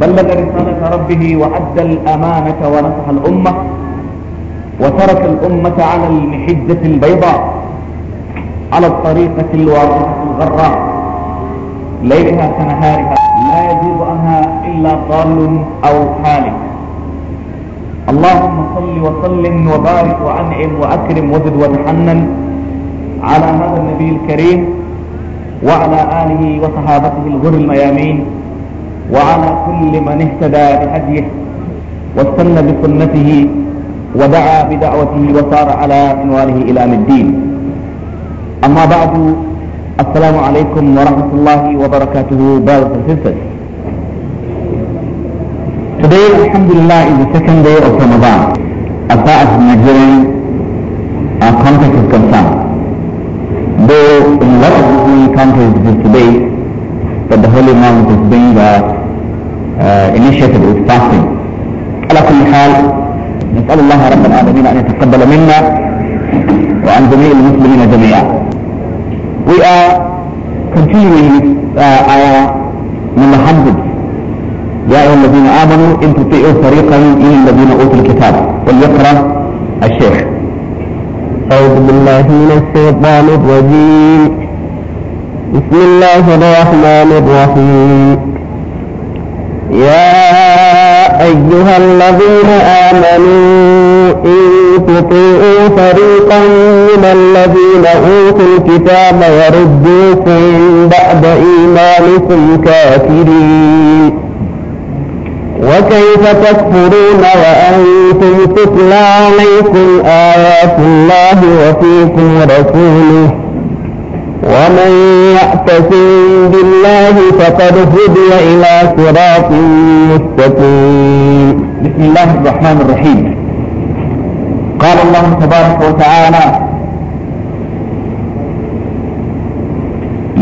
بلغ رسالة ربه وأدى الأمانة ونصح الأمة وترك الأمة على المحجة البيضاء على الطريقة الواضحة الغراء ليلها كنهارها لا يجوز عنها إلا ضال أو حالك اللهم صل وسلم وبارك وأنعم وأكرم وزد وتحنن على هذا النبي الكريم وعلى آله وصحابته الغر الميامين وعلى كل من اهتدى بهديه واستنى بسنته ودعا بدعوته وصار على منواله إلى أم الدين أما بعد السلام عليكم ورحمة الله وبركاته بارك الله فيكم Today, Alhamdulillah, is the second day of Ramadan. As far as Nigerian our context is concerned, though in a lot of Muslim countries it is today, that the holy month is being uh, آه، initiative with fasting على كل حال نسأل الله رب العالمين أن يتقبل منا وعن جميع المسلمين جميعا We are continuing with uh, our number يا أيها الذين آمنوا إن تطيعوا فريقا من الذين أوتوا الكتاب وليقرأ الشيخ أعوذ بالله من الشيطان الرجيم بسم الله الرحمن الرحيم يا أيها الذين آمنوا إن تطيعوا فريقا من الذين أوتوا الكتاب يردوكم بعد إيمانكم كافرين وكيف تكفرون وأنتم تتلى عليكم آيات الله وفيكم رسوله ومن يعتصم بالله فقد هدي إلى صراط مستقيم بسم الله الرحمن الرحيم قال الله تبارك وتعالى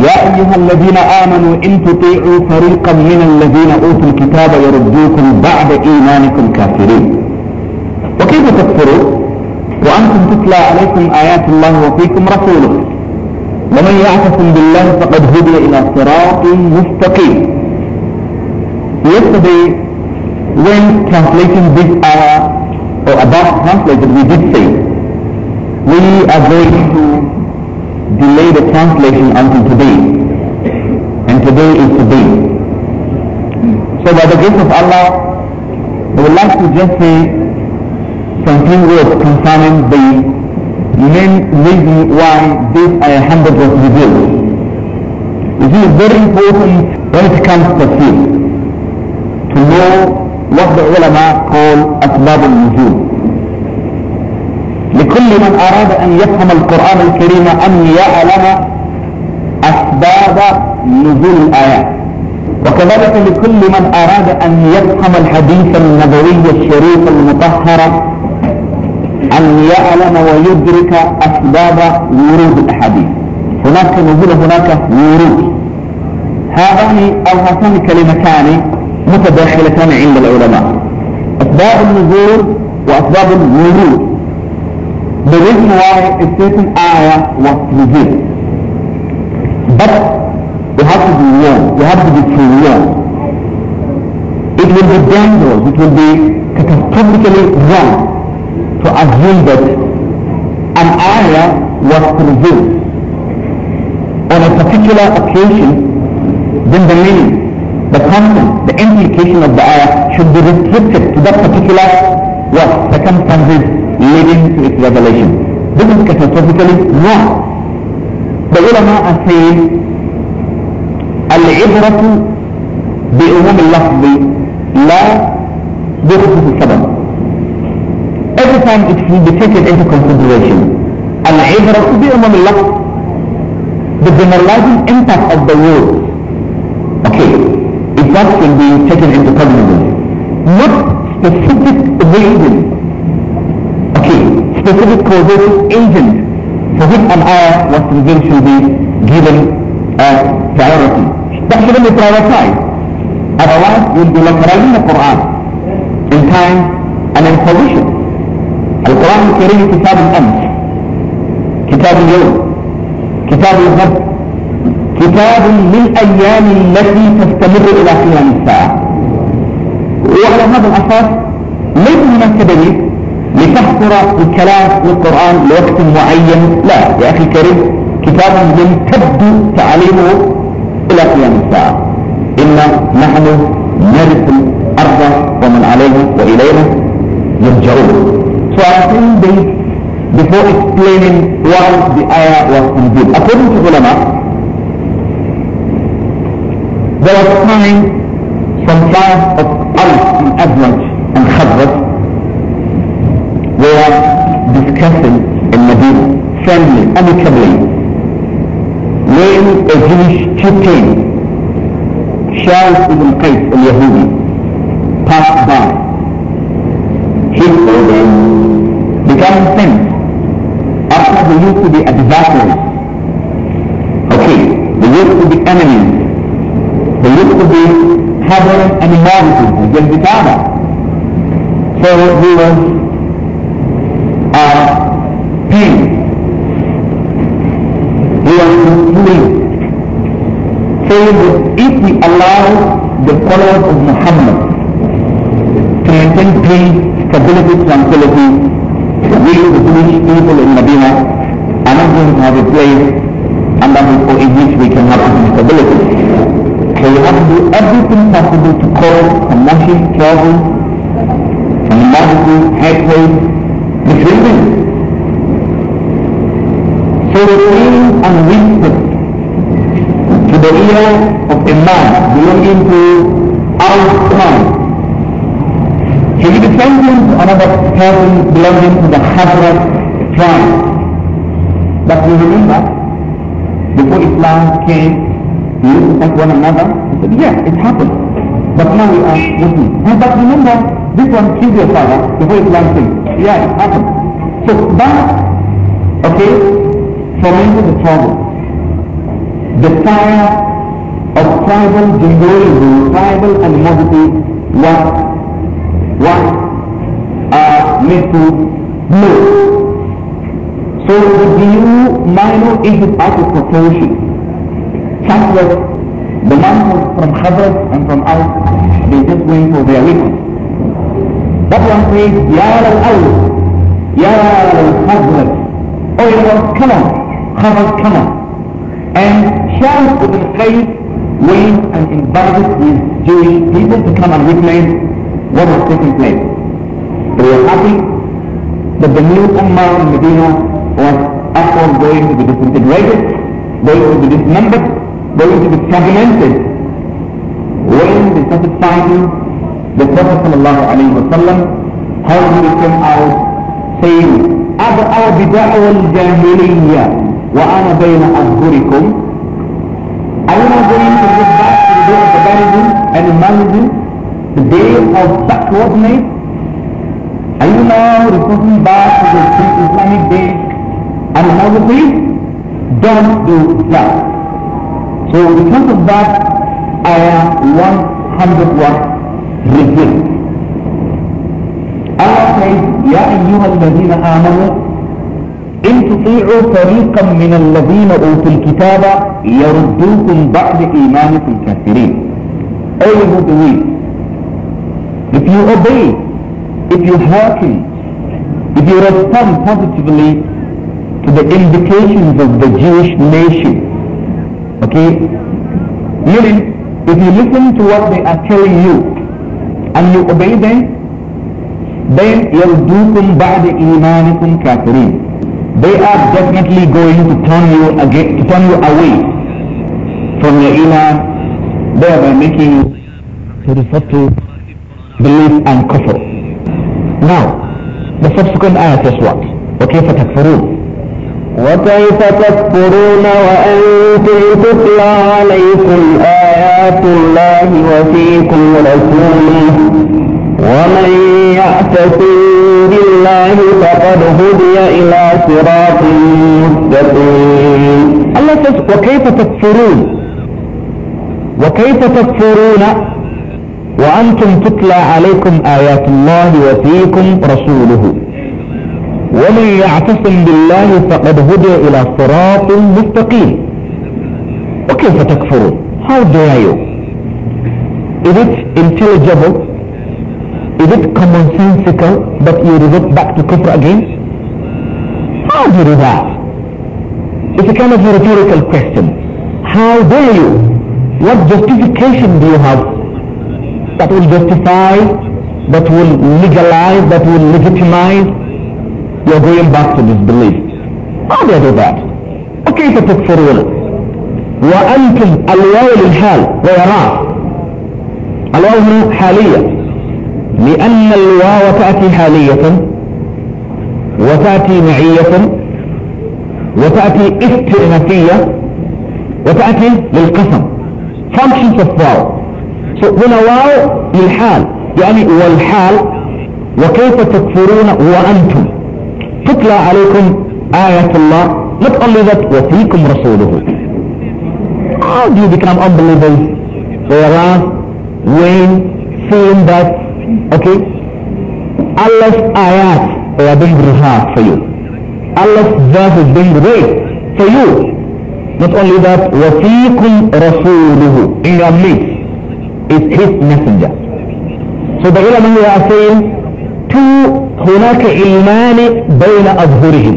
يا أيها الذين آمنوا إن تطيعوا فريقا من الذين أوتوا الكتاب يردوكم بعد إيمانكم كافرين وكيف تكفروا وأنتم تتلى عليكم آيات الله وفيكم رسوله ومن يعتصم بالله فقد هدي إلى صراط مستقيم Yesterday, when translating this ayah or about translated, we did say we are going to delay the translation until today, and today is today. So, by the grace of Allah, we would like to just say some few words concerning the من reason why this اي 100 was revealed. This is very important when it comes to tafsir, to know what the ulama call أسباب النزول. لكل من أراد أن يفهم القرآن الكريم أن يعلم أسباب نزول الآيات وكذلك لكل من أراد أن يفهم الحديث النبوي الشريف المطهر أن يعلم ويدرك أسباب ورود الأحاديث هناك نزول هناك ورود هذان أو هاتان كلمتان متداخلتان عند العلماء أسباب النزول وأسباب الورود بالرغم واحد استيت الآية والنزول بس يحدد اليوم في اليوم It will be dangerous, it will be catastrophically wrong to assume that an ayah was revealed on a particular occasion, then the meaning, the content, the implication of the ayah should be restricted to that particular what circumstances leading to its revelation. This is catastrophically wrong. The ulama are saying, العبرة بعموم اللفظ لا بخصوص السبب every time it will be taken into consideration. Al-Ibra bi the demoralizing impact of the word. Okay, if that can be taken into cognizance. Not specific reason. Okay, specific causative agent for which an hour was convinced should be given a priority. That shouldn't be prioritized. Otherwise, you'll be like writing the Quran in time and in position. القرآن الكريم كتاب الأمس كتاب اليوم كتاب الغد كتاب للأيام التي تستمر إلى قيام الساعة وعلى هذا الأساس ليس هناك دليل لتحصر الكلام في القرآن لوقت معين لا يا أخي الكريم كتاب يمتد تعليمه إلى قيام الساعة إنا نحن نرث الأرض ومن عليها وإلينا يرجعون 14 days before explaining why the ayah was revealed. According to ulama, there was time from tribes of Arif in Azraj and Khazraj were discussing in Medina, friendly, amicably, when a Jewish chieftain, Shaul ibn Qais al-Yahudi, passed by. He told them, One thing: After the youth to be adversary, Okay, the youth to be enemies. the youth to be having animosity against each other. So he are uh, They are was displeased. Saying that if we allow the followers of Muhammad to maintain peace, stability, tranquility, we the Jewish people in Medina are not going to have a place under for in which we can have stability. So we have to do everything possible to cause commotion, trouble, animosity, hatred, misreading. So the pain and wisdom to the ear of a man belonging to our clan. He is descendant another person belonging to the Hazrat tribe. But we remember, before Islam came, we used one another. and said, yes, it happened. But now we are Muslims. And but remember, this one killed your father before Islam came. Yeah, it happened. So that, okay, fomented the trouble. The fire of tribal jingoism, tribal animosity was what are made to know. So the new minor is out of proportion. Just the man from Hazrat and from us, they just went for their weapons. That one says, Yara al-Awr, Yara al-Hazrat. Oh, it was, come on, Hazrat, come on. And Shams ibn Qais went and invited his Jewish people to come and witness what is taking place. They were happy that the new Ummah in Medina was after going to be disintegrated, going to be dismembered, going to be fragmented. When they started finding the Prophet sallallahu alayhi wa sallam, how he came out saying, أَبْعَوْ بِدَعْوَ الْجَاهِلِيَّةِ وَأَنَا بَيْنَ أَظْهُرِكُمْ Are you not going to get back to the day of the barbarism and the humanism the day of such was made? Are you now reporting back to the pre-Islamic days and how to say, don't do that. So because of that, ayah 100 was revealed. Allah says, يا أيها الذين آمنوا إن تطيعوا فريقا من الذين أوتوا الكتاب يردوكم بعد إيمانكم كافرين. أي who If you obey, if you hearken, if you respond positively to the indications of the Jewish nation, okay, meaning if you listen to what they are telling you and you obey them, then يَرْدُوكُمْ بَعْدَ إِيمَانِكُمْ كَافِرِينَ They are definitely going to turn you again, to turn you away from your iman, thereby making you to refer to belief and kufr. Now, the subsequent ayat is what? وكيف تكفرون وكيف تكفرون وأنتم تتلى عليكم آيات الله وفيكم رسوله ومن يعتصم بالله فقد هدي إلى صراط مستقيم الله says وكيف تكفرون وكيف تكفرون وأنتم تتلى عليكم آيات الله وفيكم رسوله ومن يعتصم بالله فقد هدي إلى صراط مستقيم وكيف تكفروا how dare you is it intelligible is it commonsensical that you revert back to kufr again how do you do that it's a kind of a rhetorical question how dare you what justification do you have that will justify, that will legalize, that will legitimize your going back to this belief. How do I do that? وكيف تكفرون وأنتم الواو للحال غيرات الواو هنا حالية لأن الواو تأتي حالية وتأتي معية وتأتي استئنافية وتأتي للقسم functions of واو هنا واو للحال يعني والحال وكيف تكفرون وأنتم تتلى عليكم آية الله متقلدت وفيكم رسوله How do you become unbelievers? are? when seeing that, okay, Allah's ayat they are being rehearsed for you. Allah's verse is being read for you. Not only that, وَفِيكُمْ رَسُولُهُ in your midst. is his messenger. So the ulama here are saying two هناك علمان بين أظهرهم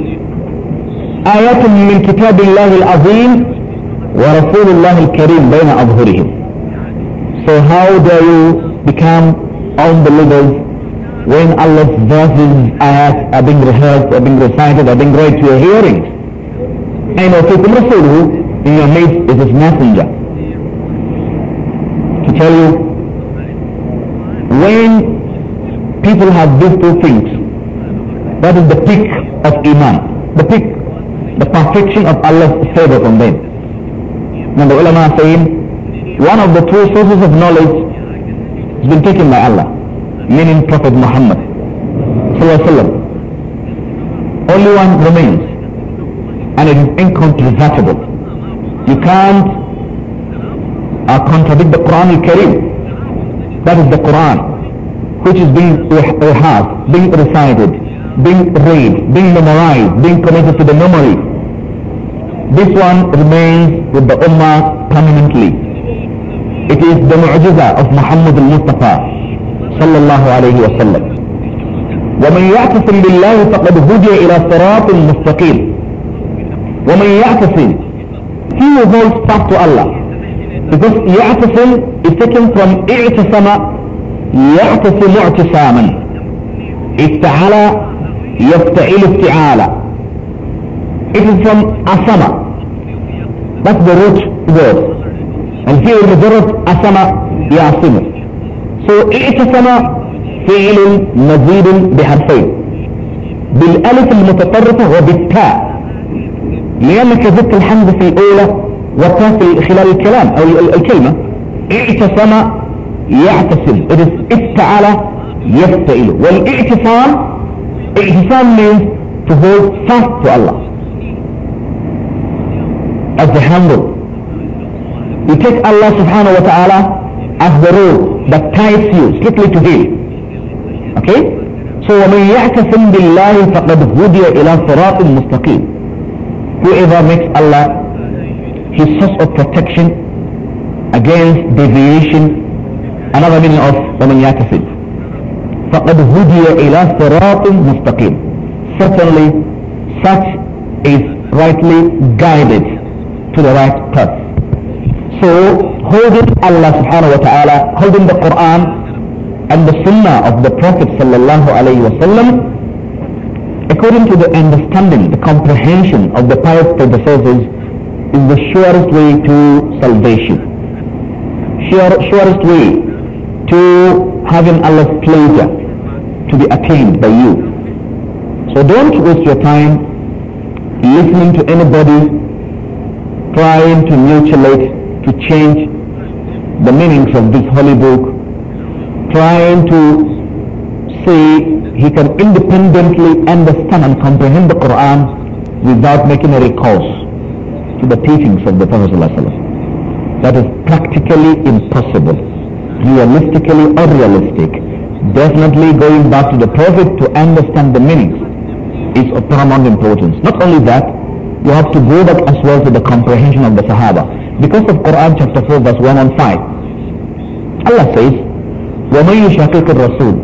آيات من كتاب الله العظيم ورسول الله الكريم بين أظهرهم So how do you become unbelievers when Allah's verses, ayat are being rehearsed, are being recited, are being read to your hearing? And also Rasuluhu in your midst is his messenger tell you, when people have these two things, that is the peak of Iman, the peak, the perfection of Allah's favor on them. Now the ulama are saying, one of the three sources of knowledge has been taken by Allah, meaning Prophet Muhammad. Only one remains, and it is incontrovertible. You can't أكون contradict the Quran That is the Quran which is being rehearsed, being recited, being read, being memorized, being committed to the memory. This one remains with the Ummah permanently. It is the mu'jiza of Muhammad al-Mustafa صلى الله عليه وسلم ومن يعتصم بالله فقد هدي إلى صراط مستقيم ومن يعتصم he who holds fast to Allah because يعتصم is taken from اعتصم يعتصم اعتصاما افتعل يفتعل افتعالا it is from أصم that's the root word الفعل مجرد أصم يعصم so اعتصم فعل مزيد بحرفين بالالف المتطرفة وبالتاء لأنك ذكر الحمد في الأولى وكان في خلال الكلام أو الكلمة اعتصم يعتصم افتعل يفتعل والاعتصام اعتصام means to hold fast to Allah as the handle you take Allah subhanahu wa ta'ala as the rule that ties you strictly to him okay so ومن يعتصم بالله فقد هدي إلى صراط مستقيم whoever makes Allah his source of protection against deviation another meaning of ومن يعتصم فقد هدي إلى صراط مستقيم certainly such is rightly guided to the right path so holding Allah subhanahu wa ta'ala holding the Quran and the sunnah of the Prophet sallallahu alayhi wa sallam according to the understanding the comprehension of the pious predecessors is the surest way to salvation. Sure, surest way to having Allah's pleasure to be attained by you. So don't waste your time listening to anybody trying to mutilate, to change the meanings of this holy book, trying to say he can independently understand and comprehend the Quran without making a recourse to the teachings of the Prophet ﷺ. That is practically impossible, realistically unrealistic. Definitely going back to the Prophet to understand the meanings is of paramount importance. Not only that, you have to go back as well to the comprehension of the Sahaba. Because of Quran chapter 4 verse one and five, Allah says, وَمَنْ يُشَاقِقِ الرَّسُولِ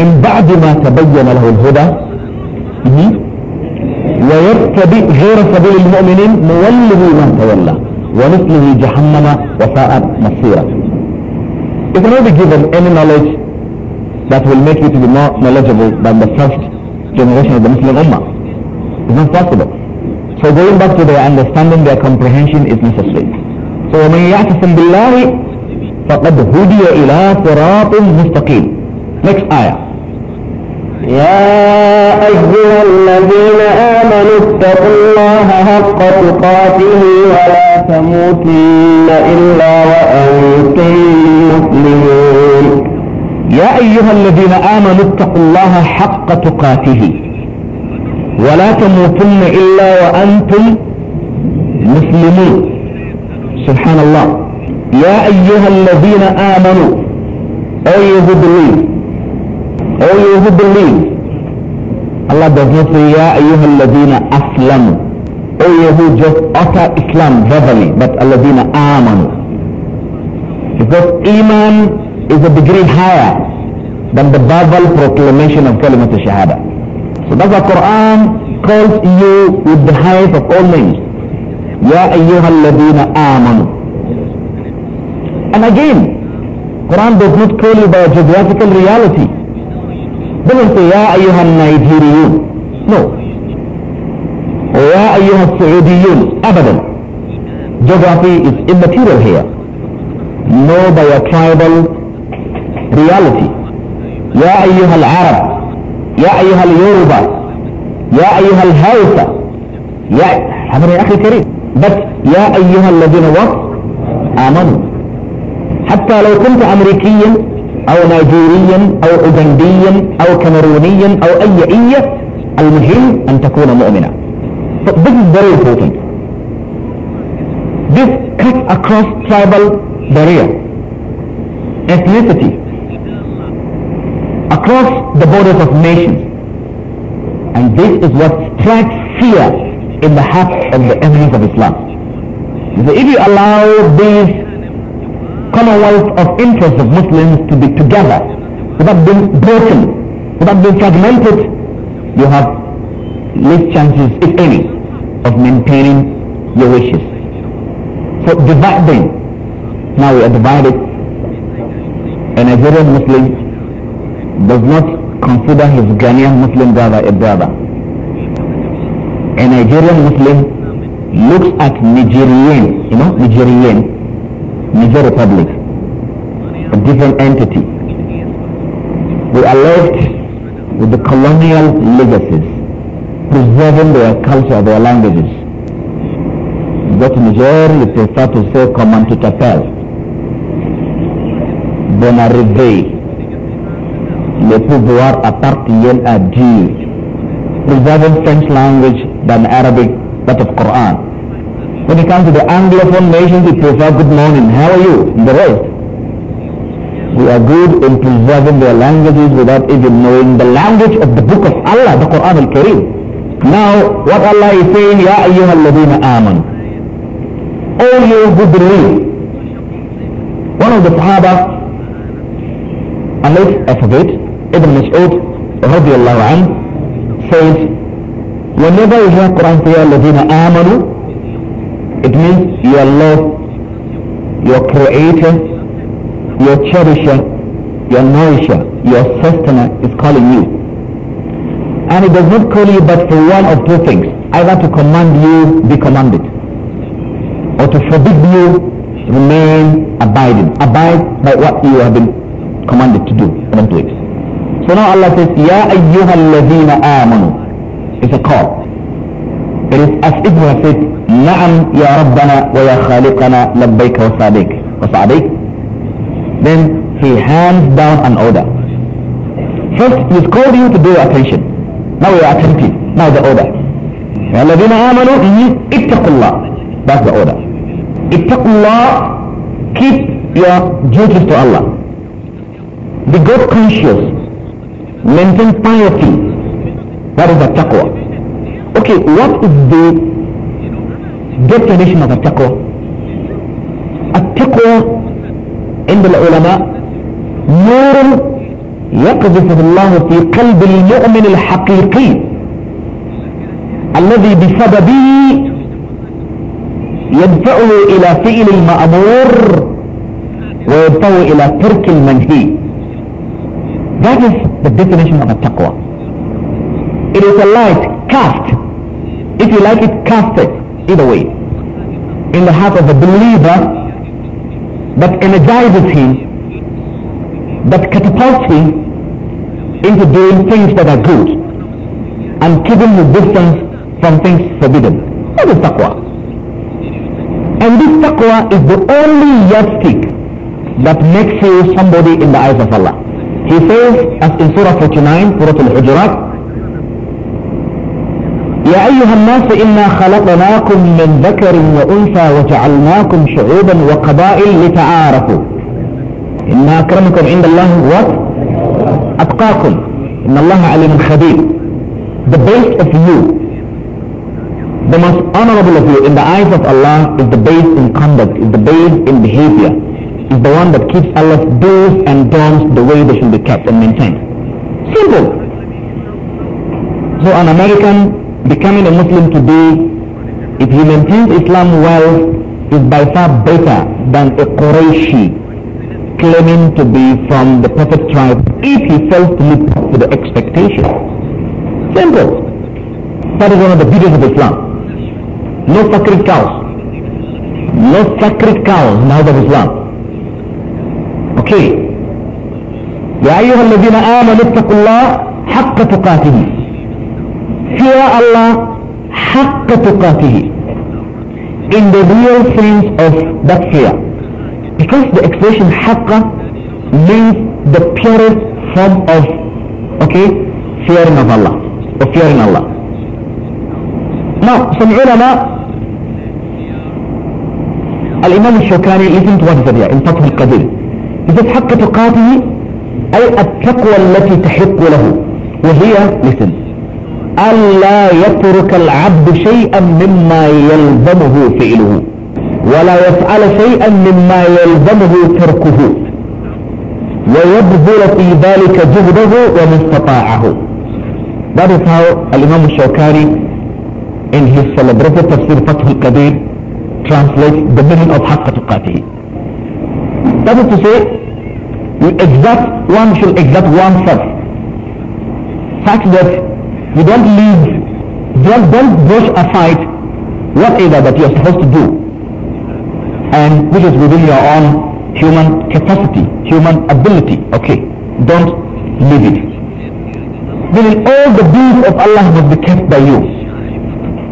مِنْ بَعْدِ مَا تَبَيَّنَ لَهُ الْهُدَى hmm? ويتبع غير سبيل المؤمنين نوله من تولى ونصله جهنم وساءت مصيرا If you're not be given any knowledge that will make you to be more knowledgeable than the first generation of the Muslim Ummah, it's not possible. So going back to their understanding, their comprehension is necessary. So ومن يعتصم بالله فقد هدي إلى صراط مستقيم. Next ayah. يا أيها الذين آمنوا اتقوا الله حق تقاته ولا تموتن إلا وأنتم مسلمون يا أيها الذين آمنوا اتقوا الله حق تقاته ولا تموتن إلا وأنتم مسلمون سبحان الله يا أيها الذين آمنوا أي الذين O oh, you who believe, Allah does not say, Ya ayyuhal ladina aslamu. O oh, you who just utter Islam verbally, but alladina amanu. Because Iman is a degree higher than the verbal proclamation of Kalimat Shahada. So that's why Quran calls you with the highest of all names. Ya ayyuhal ladina amanu. And again, Quran does not call you by a geographical reality. بلنت يا أيها النيجيريون نو ويا أيها السعوديون أبدا geography is immaterial here know by your tribal reality يا أيها العرب يا أيها اليوروبا يا أيها الهوسة يا حضر يا أخي الكريم بس يا أيها الذين وقت آمنوا حتى لو كنت أمريكيا أو نيجيري أو أوغندي أو كاميروني أو أي أية المهم أن تكون مؤمنا this is very important. This cuts across tribal barrier, ethnicity, across the borders of nations. And this is what strikes fear in the hearts of the enemies of Islam. If you allow these commonwealth of interest of Muslims to be together without being broken, without being fragmented, you have less chances, if any, of maintaining your wishes. So divide them. Now we are divided. A Nigerian Muslim does not consider his Ghanaian Muslim brother a brother. A Nigerian Muslim looks at Nigerian, you know, Nigerian, Niger Republic, a different entity. They are left with the colonial legacies, preserving their culture, their languages. You go to Niger, you prefer to say Komantutapel, Bonarrivé, le pouvoir appartient à Dieu, preserving French language than Arabic, that of Quran. When it comes to the Anglophone nations, they prefer good morning, how are you, and the rest who are good in preserving their languages without even knowing the language of the book of Allah, the Quran al-Kareem. Now, what Allah is saying, Ya ayyuha alladhina aman. All you who believe. One of the Sahaba, unless I Ibn Ibn Mas'ud, radiallahu anhu, says, whenever you hear Quran say, Ya amanu, it means your Lord, your Creator, your cherisher, your nourisher, your sustainer is calling you. And it does not call you but for one of two things. Either to command you, be commanded. Or to forbid you, remain abiding. Abide by what you have been commanded to do. Don't do it. So now Allah says, Ya ayyuhal ladhina amanu. It's a call. It is as if we have said, Na'am ya Rabbana wa ya Khaliqana labbayka wa sa'adik. Wa sa'adik. Then he hands down an order. First, he's called you to draw attention. Now you are attentive. Now the order. الذين آمنوا اتقوا الله. That's the order. اتقوا الله. Keep your duties to Allah. Be God conscious. Maintain piety. That is the taqwa. Okay, what is the definition of a taqwa? A taqwa عند العلماء نور يقذف الله في قلب المؤمن الحقيقي الذي بسببه يدفعه الى فعل المأمور ويدفعه الى ترك المنهي That is the definition of a taqwa. It is a light cast. If you like it, cast it. Either way. In the heart of the believer that energizes him, that catapults him into doing things that are good and keeping the distance from things forbidden. That is taqwa. And this taqwa is the only yardstick that makes you somebody in the eyes of Allah. He says, as in Surah 49, Surah Al-Hujurat, يا أيها الناس إنا خلقناكم من ذكر وأنثى وجعلناكم شعوبا وقبائل لتعارفوا إنا أكرمكم عند الله وأتقاكم إن الله عليم خبير The best of you The most honorable of you in the eyes of Allah is the base in conduct, is the base in behavior, is the one that keeps Allah's do's and don'ts the way they should be kept and maintained. Simple. So an American becoming a Muslim today, if he maintains Islam well, is by far better than a Qurayshi claiming to be from the Prophet tribe if he fails to live up to the expectation. Simple. That is one of the beauties of Islam. No sacred cows. No sacred cows in the house of Islam. Okay. يا أيها الذين آمنوا اتقوا الله حق تقاته سوى الله حق تقاته in the real sense of that fear because the expression حق means the purest form of okay fearing of Allah or fearing Allah now some ulama الإمام الشوكاني listen to what he said here in Fatih al qadil he says حق تقاته أي التقوى التي تحق له وهي listen ألا يترك العبد شيئا مما يلزمه فعله ولا يفعل شيئا مما يلزمه تركه ويبذل في ذلك جهده ومستطاعه That is how Al-Imam Shawkani in his celebrated Tafsir Fath al-Qadir translates the meaning of Haqqa Tuqatihi. That is to say, you exact, one should exact oneself such that You don't leave, don't, don't brush aside whatever that you're supposed to do and which is within your own human capacity, human ability. Okay, don't leave it. Meaning all the deeds of Allah must be kept by you.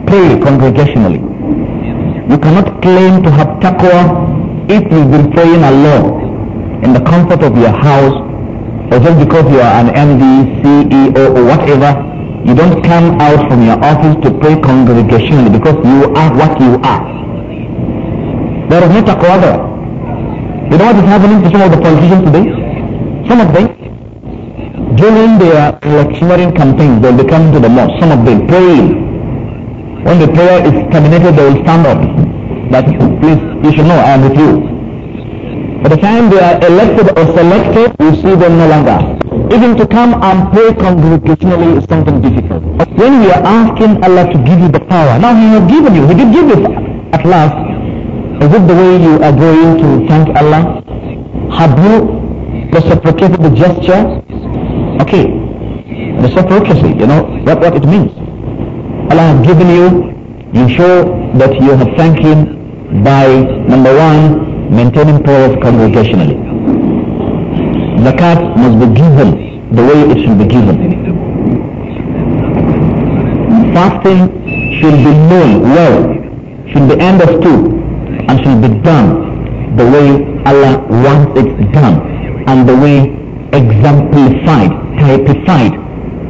Pray congregationally. You cannot claim to have taqwa if you've been praying alone in the comfort of your house or just because you are an MD, CEO or whatever you don't come out from your office to pray congregationally because you are what you are. There is no taqwa You know what is happening to some of the politicians today? Some of them, during their electioneering campaign, they'll be coming to the mosque. Some of them praying. When the prayer is terminated, they will stand up. That please, you should know I am with you. By the time they are elected or selected, you see them no longer. Even to come and pray congregationally is something difficult. When we are asking Allah to give you the power, now He has given you, He did give it at last. Is it the way you are going to thank Allah? Have you reciprocated the gesture? Okay, reciprocity, you know, what, what it means. Allah has given you, you show that you have thanked Him by, number one, maintaining prayers congregationally zakat must be given the way it should be given. Fasting should be known well, should be understood, and should be done the way Allah wants it done, and the way exemplified, typified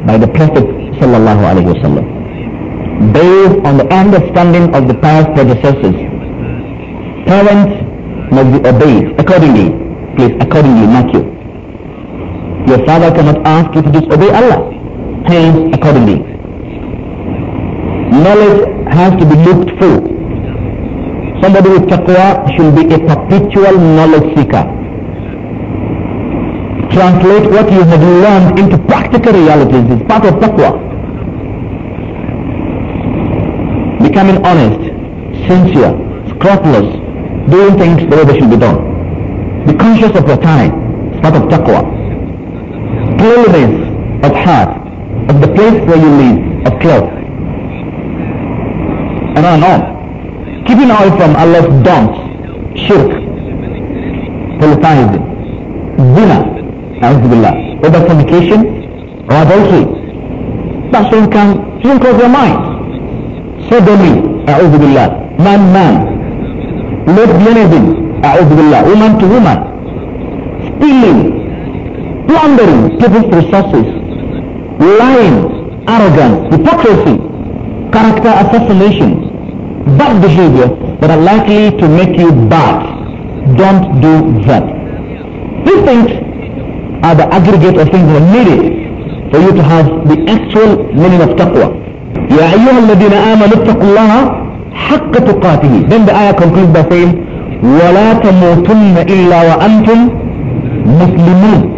by the Prophet sallallahu alaihi wasallam. Based on the understanding of the past predecessors, parents must be obeyed accordingly. Please, accordingly, Matthew. Your father cannot ask you to disobey Allah. Hence, accordingly. Knowledge has to be looked for. Somebody with taqwa should be a perpetual knowledge seeker. Translate what you have learned into practical realities. It's part of taqwa. Becoming honest, sincere, scrupulous, doing things the way they should be done. Be conscious of your time. It's part of taqwa cleanliness of heart, of the place where you live, of clothes. And on and on. Keeping away from Allah's don'ts, shirk, polytheism, zina, billah, whether fornication or adultery. That thing can think of your mind. Sodomy, billah, man, man, lesbianism, billah, woman to woman, stealing, plundering people's resources, lying, arrogance, hypocrisy, character assassination, bad behavior that are likely to make you bad. Don't do that. These things are the aggregate of things that are needed for you to have the actual meaning of taqwa. يا أيها الذين آمنوا اتقوا الله حق تقاته then the ayah concludes by saying ولا تموتن إلا وأنتم مسلمون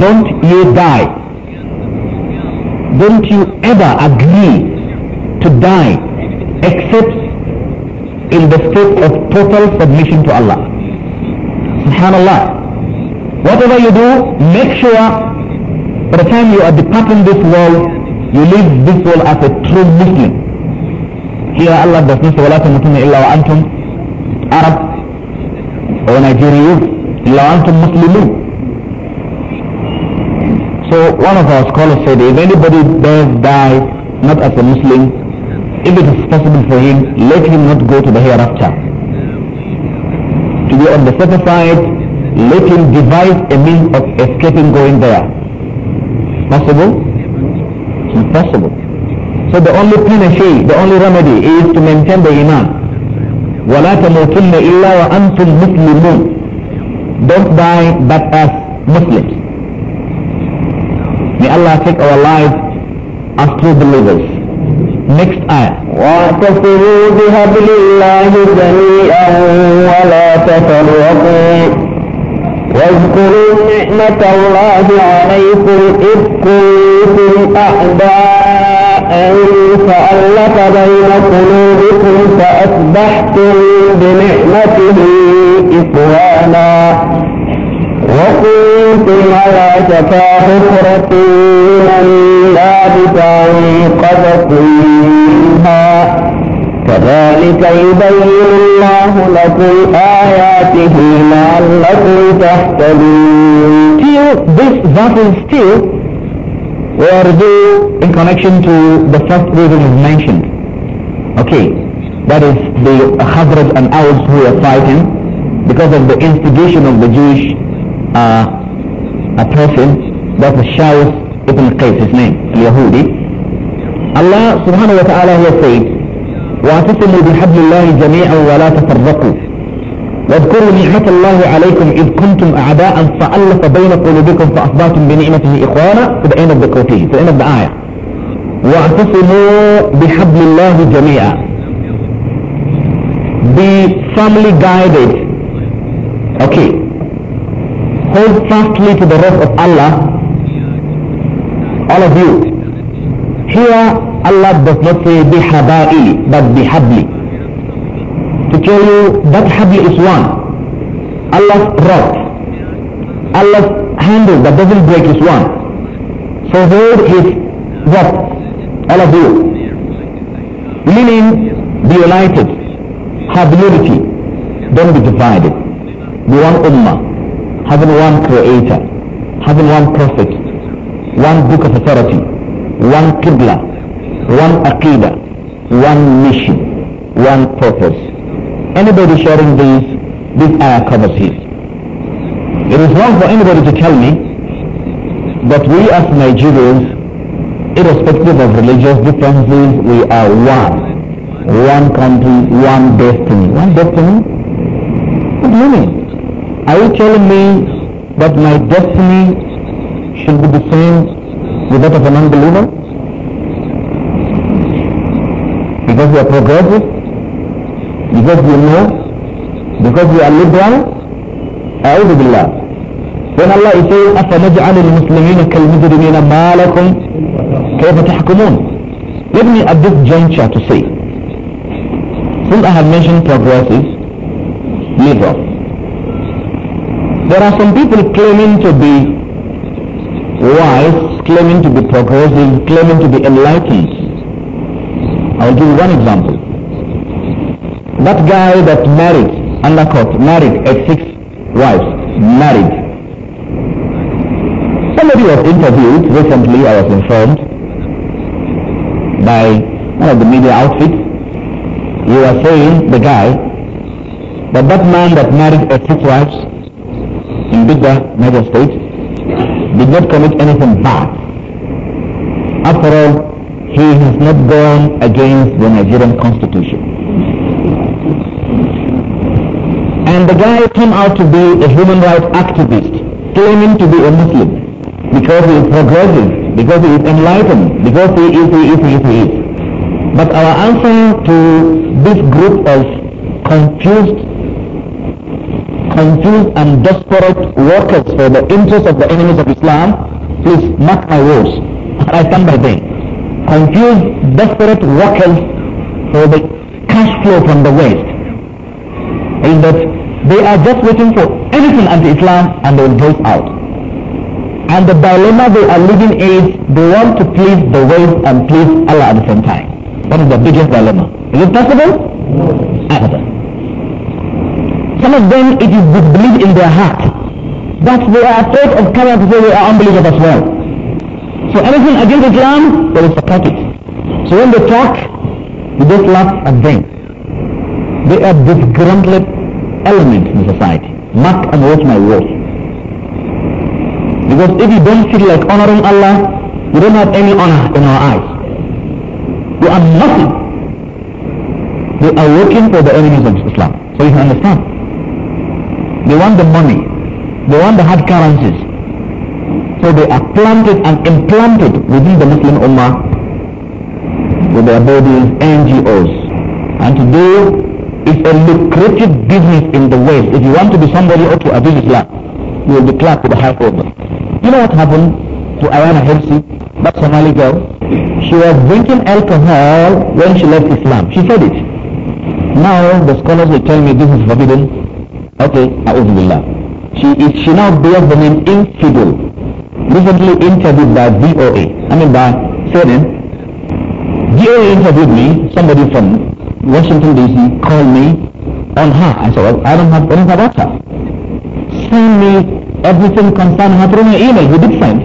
don't you die. Don't you ever agree to die except in the state of total submission to Allah. Subhanallah. Whatever you do, make sure by the time you are departing this world, you leave this world as a true Muslim. Here Allah does not say, وَلَا تَمُتُنَّ إِلَّا وَأَنْتُمْ Arab or Nigerian, إِلَّا وَأَنْتُمْ Muslimun. So one of our scholars said if anybody does die not as a Muslim, if it is possible for him, let him not go to the hereafter. To be on the safer side, let him devise a means of escaping going there. Possible? Impossible. So the only panacea, the only remedy is to maintain the iman. ولا تموتن إلا وأنتم مسلمون. Don't die but as Muslims. May Allah take our lives as true believers. Next ayah. واعتصموا بهبل الله جميعا ولا تفرقوا واذكروا نعمة الله عليكم إذ كنتم أعداء فألف بين قلوبكم فأصبحتم بنعمته إخوانا وكنتم على شفا حفرة من النار فانقذكم كذلك يبين الله لكم آياته لعلكم تهتدون Still, this verse is still where do in connection to the first reason is mentioned. Okay, that is the Hazrat and Aus who were fighting because of the instigation of the Jewish a person that was Shaus ibn Qais, his name, a Yahudi. Allah subhanahu wa ta'ala here said, واعتصموا بحبل الله جميعا ولا تفرقوا واذكروا نعمة الله عليكم إذ كنتم أعداء فألف بين قلوبكم فأصبحتم بنعمته إخوانا to the end of the quotation, to the end of the ayah. واعتصموا بحبل الله جميعا Be firmly guided. Okay, hold fastly to the rope of Allah, all of you. Here, Allah does not say bihaba'i, but bihabli. To tell you that habli is one. Allah's rod, Allah's handle that doesn't break is one. So hold his what? All of you. Meaning, be united, have unity, don't be divided. Be one ummah having one creator, having one prophet, one book of authority, one Qibla, one Aqidah, one mission, one purpose. Anybody sharing these, these are covers his. It is wrong for anybody to tell me that we as Nigerians, irrespective of religious differences, we are one. One country, one destiny. One destiny? What do you mean? Are you telling me that my destiny should be the same with that of an unbeliever? Because you are progressive? Because you know? Because you are liberal? أعوذ بالله when Allah is saying أفنجعل المسلمين كالمجرمين ما لكم كيف تحكمون let me at this juncture to say since I have mentioned progressive liberal There are some people claiming to be wise, claiming to be progressive, claiming to be enlightened. I'll give you one example. That guy that married, undercoat, married at six wives, married. Somebody was interviewed recently, I was informed, by one of the media outfits. You were saying, the guy, that that man that married at six wives in Bidda, Niger State, did not commit anything bad. After all, he has not gone against the Nigerian constitution. And the guy came out to be a human rights activist, claiming to be a Muslim, because he is progressive, because he is enlightened, because he is, he is, he is, he is. But our answer to this group of confused confused and desperate workers for the interests of the enemies of Islam, please mark my words. I stand by them. Confused, desperate workers for the cash flow from the West. Is that they are just waiting for anything anti-Islam and they will break out. And the dilemma they are living is they want to please the West and please Allah at the same time. That is the biggest dilemma. Is it possible? No some of them it is disbelief in their heart. but they are afraid of coming to say they are unbelievers as well. So anything against Islam, they will support it. So when they talk, you just laugh at them. They are disgruntled element in society. Mark and watch my words. Because if you don't feel like honoring Allah, you don't have any honor in our eyes. You are nothing. They are working for the enemies of Islam. So you can understand. They want the money. They want the hard currencies. So they are planted and implanted within the Muslim Ummah with their bodies, NGOs. And today it's a lucrative business in the West. If you want to be somebody or to abuse Islam, you will be clapped with a high order. You know what happened to Ayana Hirsi, that Somali girl? She was drinking alcohol when she left Islam. She said it. Now the scholars will tell me this is forbidden Okay, A'udhu She is she now bears the name infidel. Recently interviewed by VOA. I mean by CNN. VOA interviewed me. Somebody from Washington DC called me on her. I said, well, I don't have any WhatsApp. Send me everything concerning her through my email. We did send.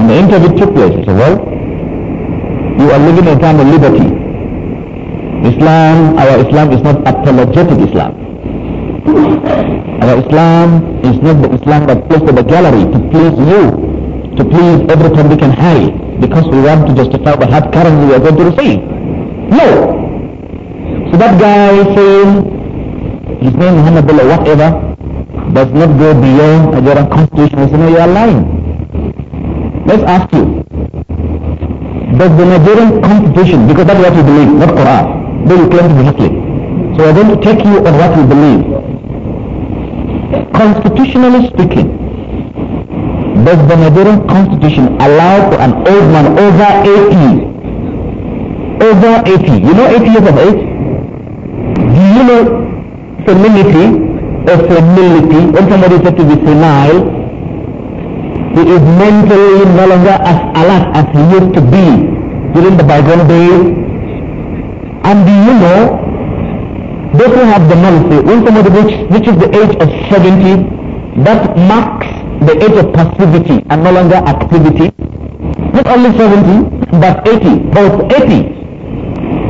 And the interview took place. I said, well, you are living in a time of liberty. Islam, our Islam is not apologetic Islam. Our Islam is not the Islam that plays to the gallery to please you, to please everything we can hide, because we want to justify the hard currency we are going to receive. No! So that guy saying, his name Muhammad or whatever, does not go beyond Nigerian constitution. You say, no, you are lying. Let's ask you, does the Nigerian constitution, because that's what you believe, not Quran, they claim to be Muslim, so we're going to take you on what we believe. Constitutionally speaking, does the Nigerian constitution allow for an old man over 80? Over 80. You know 80 years of age? Do you know senility or senility? When somebody said to be senile, he is mentally no longer as alert as he used to be during the bygone days. And do you know those who have the knowledge when somebody reach, reaches the age of 70, that marks the age of passivity and no longer activity. Not only 70, but 80, both 80,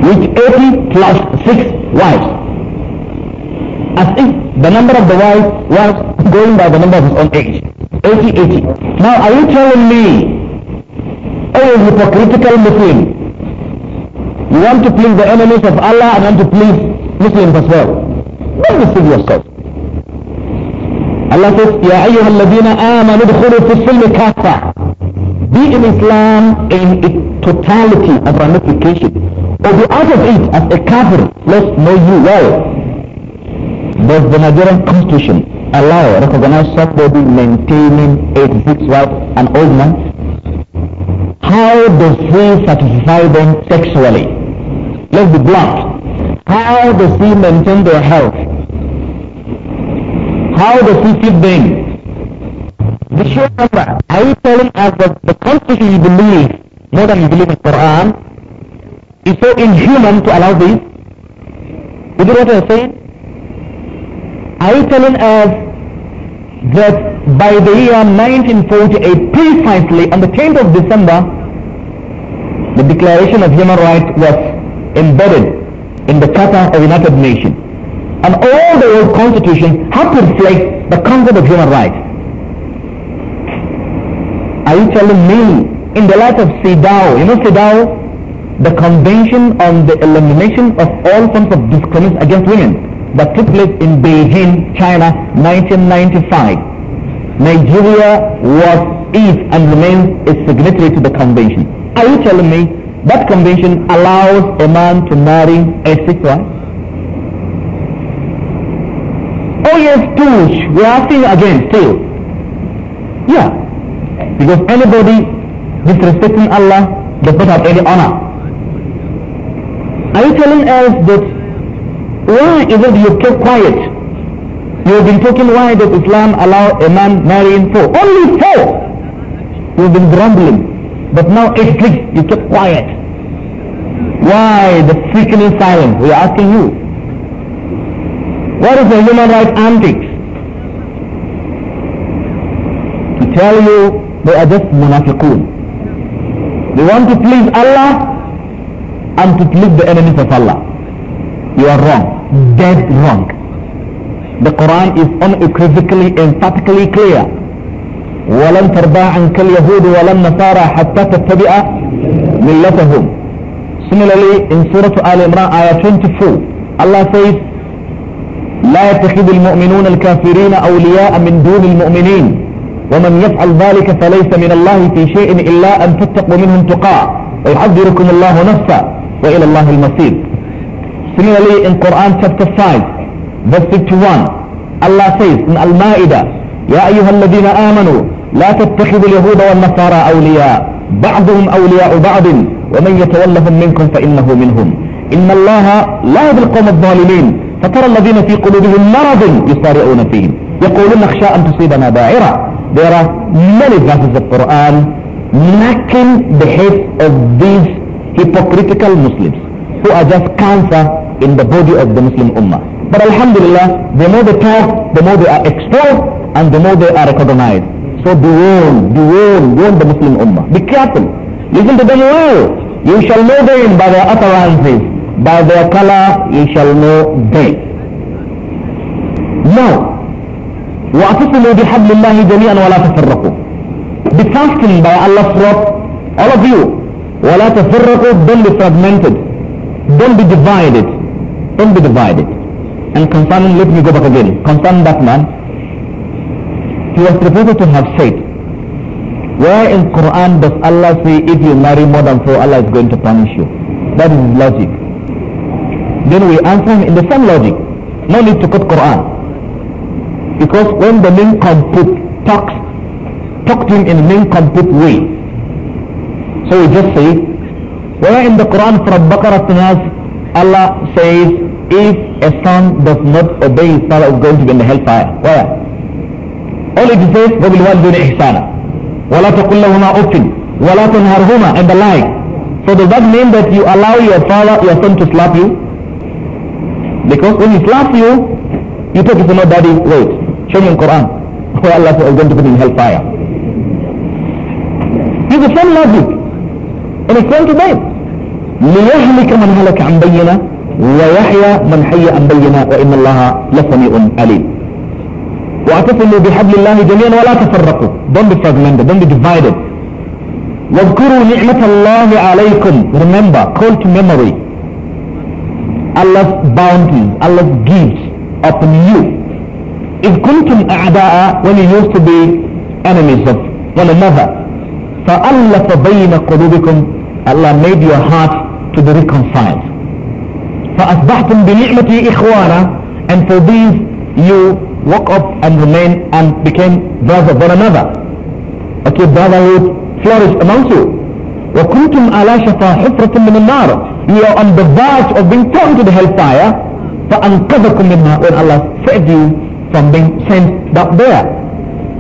with 80 plus 6 wives. As if the number of the wives was going by the number of his own age. 80, 80. Now are you telling me, oh, hypocritical Muslim, you want to please the enemies of Allah and want to please says, يَا أَيُّهَا الَّذِينَ آمَنُوا فِي السِّلْمِ كَافَةً Be in Islam in its totality of ramification. Or be out of it as a kafir. Let's know you well. Does the Nigerian constitution allow, recognize somebody maintaining a six wife, and old man? How does he satisfy them sexually? Let's be blunt. How does he maintain their health? How does he feed them? The short number, are you telling us that the constitution you believe, more than you believe in Quran, is so inhuman to allow this? You get what I'm saying? Are you telling us that by the year 1948, precisely on the 10th of December, the Declaration of Human Rights was embedded in the Charter of the United Nations and all the world constitutions have to reflect the concept of human rights. Are you telling me in the light of CEDAW, you know CEDAW, the Convention on the Elimination of All Forms of Discrimination Against Women that took place in Beijing, China, 1995. Nigeria was, is, and remains a signatory to the convention. Are you telling me that convention allows a man to marry a sick wife? Oh yes, too. We are asking again, still. Yeah. Because anybody disrespecting Allah does not have any honor. Are you telling us that why is it you kept quiet? You've been talking why does Islam allow a man marrying four? Only four! You've been grumbling. But now it's clicked. You keep quiet. Why the freaking silence? We are asking you. What is the human rights antics? To tell you they are just munafiqun. They want to please Allah and to please the enemies of Allah. You are wrong. Dead wrong. The Quran is unequivocally, emphatically clear. ولن ترضى عنك اليهود ولا النصارى حتى تتبع ملتهم similarly in Surah Al-Imran ayah 24 Allah says لا يتخذ المؤمنون الكافرين أولياء من دون المؤمنين ومن يفعل ذلك فليس من الله في شيء إلا أن تتقوا منهم تقاء ويحذركم الله نفسا وإلى الله المصير similarly in Quran chapter 5 verse 51 Allah says in Al-Ma'idah يا أيها الذين آمنوا لا تتخذ اليهود والنصارى أولياء بعضهم أولياء بعض ومن يتولهم منكم فإنه منهم إن الله لا يهدي القوم الظالمين فترى الذين في قلوبهم مرض يصارعون فيه يقولون نخشى أن تصيبنا داعرة There are many verses of Quran knocking the heads of these hypocritical Muslims who are just cancer in the body of the Muslim Ummah. But Alhamdulillah, the more they talk, the more they are exposed and the more they are recognized. So be warned, be warned, warn the Muslim Ummah. Be careful. Listen to them well. You shall know them by their utterances. By their color you shall know them. Now, واعتصموا بحبل الله جميعا ولا تفرقوا. Be fasting by Allah's rock, all of you. ولا تفرقوا, don't be fragmented. Don't be divided. Don't be divided. And concerning, let me go back again. Concerning that man, he was reported to have said, where in Quran does Allah say if you marry more than four, Allah is going to punish you? That is logic. Then we answer him in the same logic. No need to quote Quran. Because when the main compute talks, talk to him in the main way. So we just say, where in the Quran from Baqarah to Allah says, if a son does not obey his father, is going to be in the hellfire. Where? all it says وبالوالدين إحسانا ولا تقل لهما أف ولا تنهرهما and the like so does that mean that you allow your father your son to slap you because when he slaps you you take it to my daddy wait show me in Quran where Allah is going to put in hellfire it's the same logic and it's going to be. ليهلك من هلك عن بينه ويحيى من حي عن بينه وإن الله لسميع عليم واعتصموا بحبل الله جميعا ولا تفرقوا don't be fragmented don't be divided واذكروا نعمة الله عليكم remember call to memory Allah's bounties Allah's gifts upon you إذ كنتم أعداء when you used to be enemies of one another فألف بين قلوبكم Allah made your heart to be reconciled فأصبحتم بنعمة إخوانا and for these you woke up and remained and became brothers one another. Okay, brotherhood flourished amongst you. وكنتم على شفا حفرة من النار You are on the verge of being thrown to the hellfire فأنقذكم منها when Allah saved you from being sent back there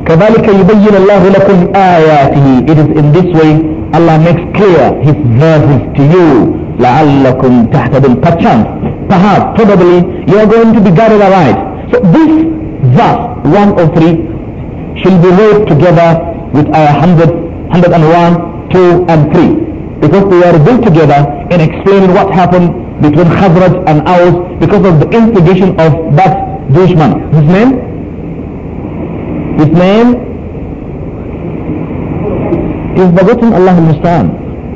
كذلك يبين الله لكم آياته It is in this way Allah makes clear His verses to you لعلكم تحتدون perchance perhaps probably you are going to be guided aright so this verse 103 shall be laid together with ayah 100, 101, 2 and 3. Because they are built together in explaining what happened between Khazraj and Aus because of the instigation of that Jewish man. His name? His name is forgotten Allah al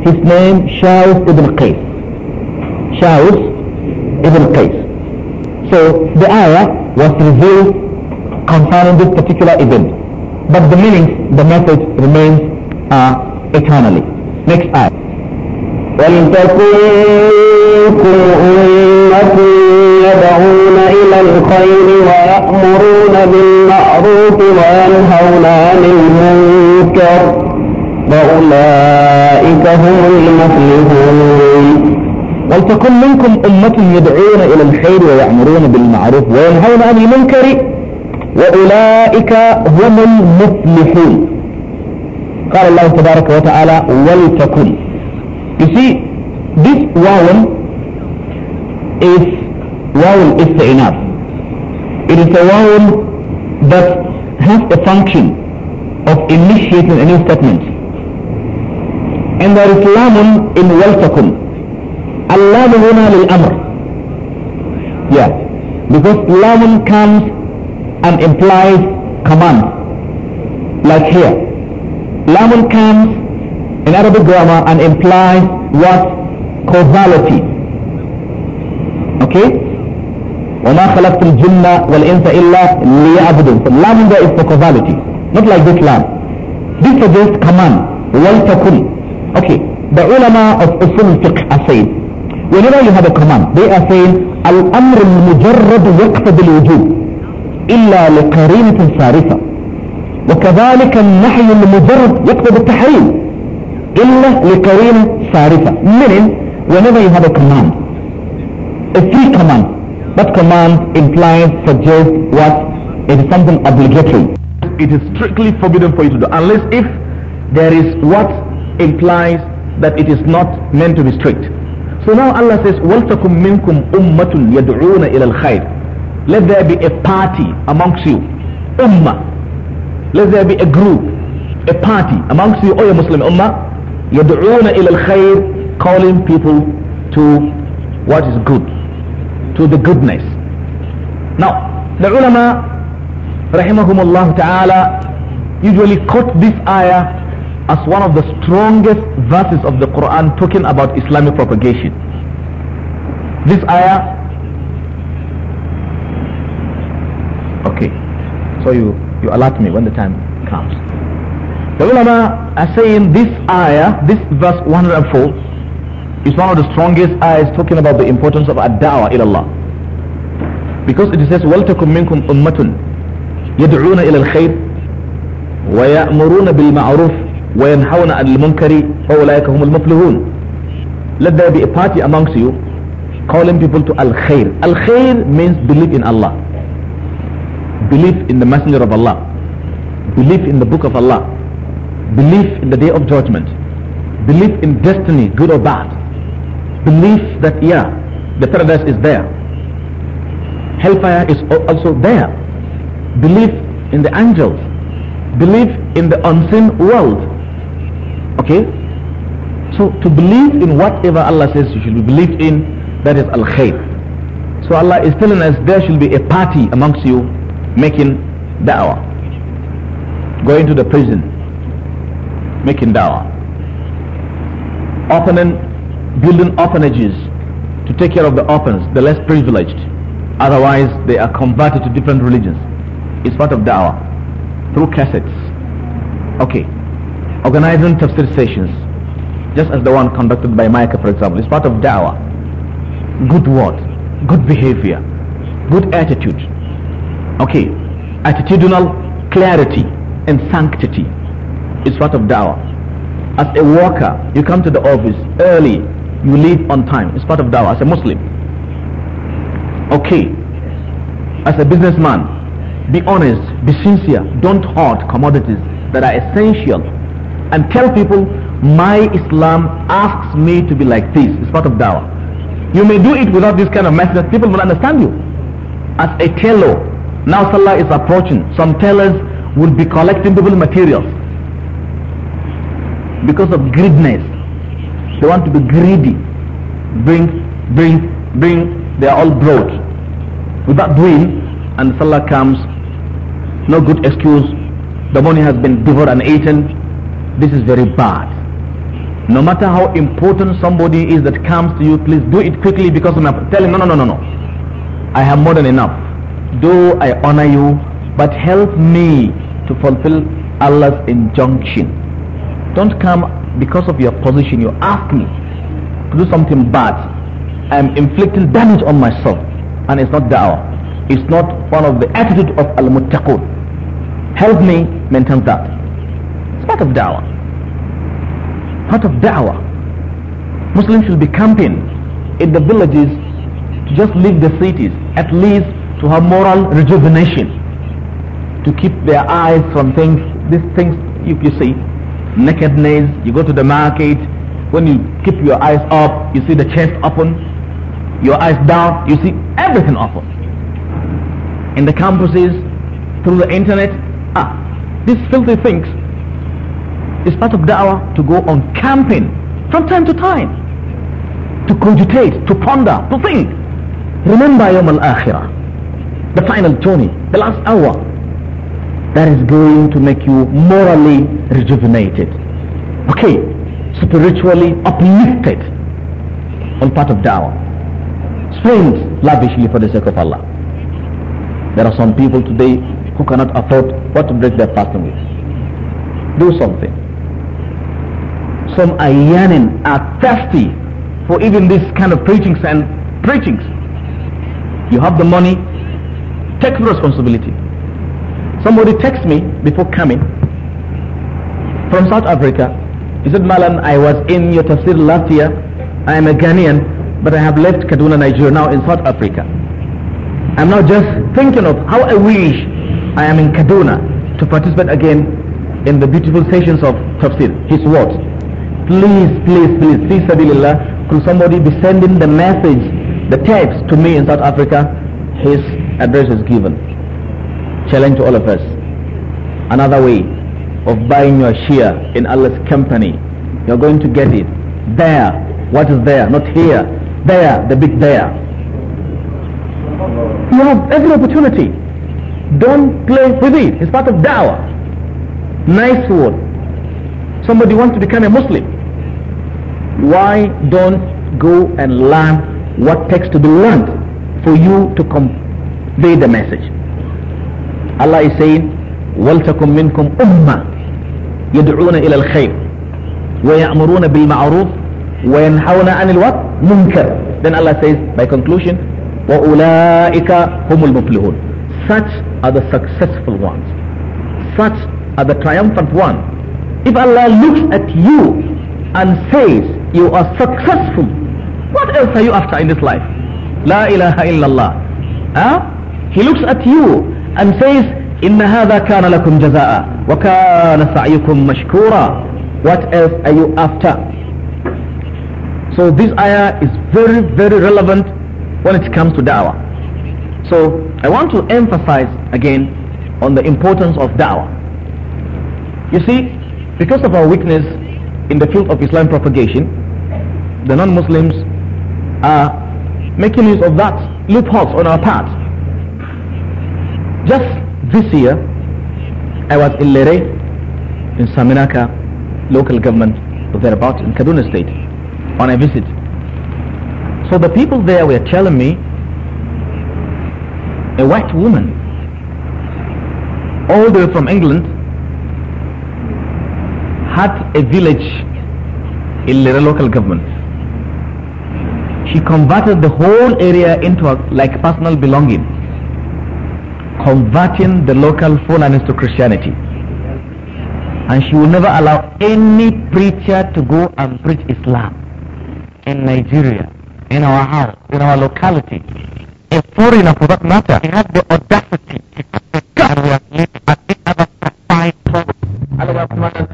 His name Shaus ibn Qais. Shaus ibn Qais. So the ayah was revealed concerning this particular event. But the meaning, the message remains uh, eternally. Next ayah. ولتكن أمة يدعون إلى الخير ويأمرون بالمعروف وينهون عن المنكر وأولئك هم المفلحون ولتكن منكم أمة يدعون إلى الخير ويأمرون بالمعروف وينهون عن المنكر وأولئك هم المفلحون قال الله تبارك وتعالى ولتكن You see, this wawl is wawl is enough. It is a wawl that has a function of initiating a new statement. And there is lamun in waltakun. اللام هنا للأمر. Yeah. Because lamun comes an implied command like here lamun comes in Arabic grammar and implies what causality okay وما خلقت الجن والإنس إلا ليعبدون so lamun there is for causality not like this lam this suggests command ولتكن okay the ulama of usul fiqh are saying whenever you have a command they are saying al-amr al-mujarrad al إلا لقرينة صارفة وكذلك النحي المجرد يكتب التحريم إلا لقرينة صارفة meaning whenever you have a command a free command that command implies suggests what it is something obligatory it is strictly forbidden for you to do unless if there is what implies that it is not meant to be strict so now Allah says وَلْتَكُمْ مِنْكُمْ أُمَّةٌ يَدْعُونَ إِلَى الْخَيْرِ Let there be a party amongst you. Ummah. Let there be a group, a party amongst you, all your Muslim Ummah. يدعون إلى الخير calling people to what is good, to the goodness. Now, the ulama, rahimahumullah ta'ala, usually quote this ayah as one of the strongest verses of the Quran talking about Islamic propagation. This ayah Okay. So you, you alert me when the time comes. The ulama are saying this ayah, this verse 104, is one of the strongest ayahs talking about the importance of ad in ilallah. Because it says, وَلْتَكُمْ مِنْكُمْ أُمَّةٌ يَدْعُونَ إِلَى الْخَيْرِ وَيَأْمُرُونَ بِالْمَعْرُوفِ وَيَنْهَوْنَ عَنِ الْمُنْكَرِ وَأُولَٰئِكَ هُمُ الْمُفْلِحُونَ Let there be a party amongst you calling people to al-khair. Al-khair means believe in Allah belief in the messenger of Allah, belief in the book of Allah, belief in the day of judgment, belief in destiny, good or bad, belief that, yeah, the paradise is there, hellfire is also there, belief in the angels, belief in the unseen world. Okay? So to believe in whatever Allah says you should believe in, that is al-khayr. So Allah is telling us there should be a party amongst you making da'wah. Going to the prison, making da'wah. Opening, building orphanages to take care of the orphans, the less privileged. Otherwise, they are converted to different religions. It's part of da'wah. Through cassettes. Okay. Organizing tafsir sessions. Just as the one conducted by Micah, for example. It's part of da'wah. Good word. Good behavior. Good attitude okay attitudinal clarity and sanctity is part of dawah as a worker you come to the office early you leave on time it's part of dawah as a muslim okay as a businessman be honest be sincere don't hoard commodities that are essential and tell people my islam asks me to be like this it's part of dawah you may do it without this kind of message people will understand you as a tailor now Salah is approaching. Some tellers will be collecting people materials because of greediness. They want to be greedy. Bring, bring, bring. They are all brought. Without doing, and Salah comes, no good excuse. The money has been devoured and eaten. This is very bad. No matter how important somebody is that comes to you, please do it quickly because I'm telling no, no, no, no, no. I have more than enough though I honor you, but help me to fulfill Allah's injunction. Don't come because of your position. You ask me to do something bad. I am inflicting damage on myself. And it's not da'wah. It's not one of the attitude of al-muttaqun. Help me maintain that. It's part of da'wah. Part of da'wah. Muslims should be camping in the villages. to Just leave the cities. At least to have moral rejuvenation, to keep their eyes from things, these things you see, nakedness, you go to the market, when you keep your eyes up, you see the chest open, your eyes down, you see everything open. In the campuses, through the internet, ah, these filthy things It's part of da'wah to go on camping from time to time, to cogitate, to ponder, to think. Remember Yom Al-Akhirah the final 20, the last hour, that is going to make you morally rejuvenated. Okay, spiritually uplifted on part of dawah. Spend lavishly for the sake of Allah. There are some people today who cannot afford what to break their fasting with. Do something. Some are yearning, are thirsty for even this kind of preachings and preachings. You have the money, Take responsibility. Somebody texted me before coming from South Africa. He said, Malan, I was in your tafsir last year. I am a Ghanaian, but I have left Kaduna, Nigeria, now in South Africa. I'm now just thinking of how I wish I am in Kaduna to participate again in the beautiful sessions of tafsir. His words. Please, please, please, please, Sabilillah, could somebody be sending the message, the text to me in South Africa? His address is given. Challenge to all of us. Another way of buying your share in Allah's company. You're going to get it. There. What is there? Not here. There. The big there. You have every opportunity. Don't play with it. It's part of dawah. Nice word. Somebody wants to become a Muslim. Why don't go and learn what takes to be learned for you to come. They the message. Allah is saying, ولتكن منكم أمة يدعون إلى الخير ويأمرون بالمعروف وينحون عن الوقت منكر. Then Allah says, by conclusion, وأولئك هم المفلحون. Such are the successful ones. Such are the triumphant ones. If Allah looks at you and says you are successful, what else are you after in this life? La ilaha illallah. Huh? He looks at you and says, إِنَّ هَذَا كَانَ لَكُمْ جَزَاءً وَكَانَ سَعْيُكُمْ مَشْكُورًا What else are you after? So this ayah is very, very relevant when it comes to da'wah. So I want to emphasize again on the importance of da'wah. You see, because of our weakness in the field of Islam propagation, the non-Muslims are making use of that loopholes on our part. Just this year, I was in Lere, in Saminaka, local government, thereabouts in Kaduna State, on a visit. So the people there were telling me a white woman, all the way from England, had a village in Lere local government. She converted the whole area into a, like personal belonging converting the local Fulanis to Christianity. And she will never allow any preacher to go and preach Islam in Nigeria, in our house, in our locality, a foreigner for that matter. He has the audacity to come and we are at this other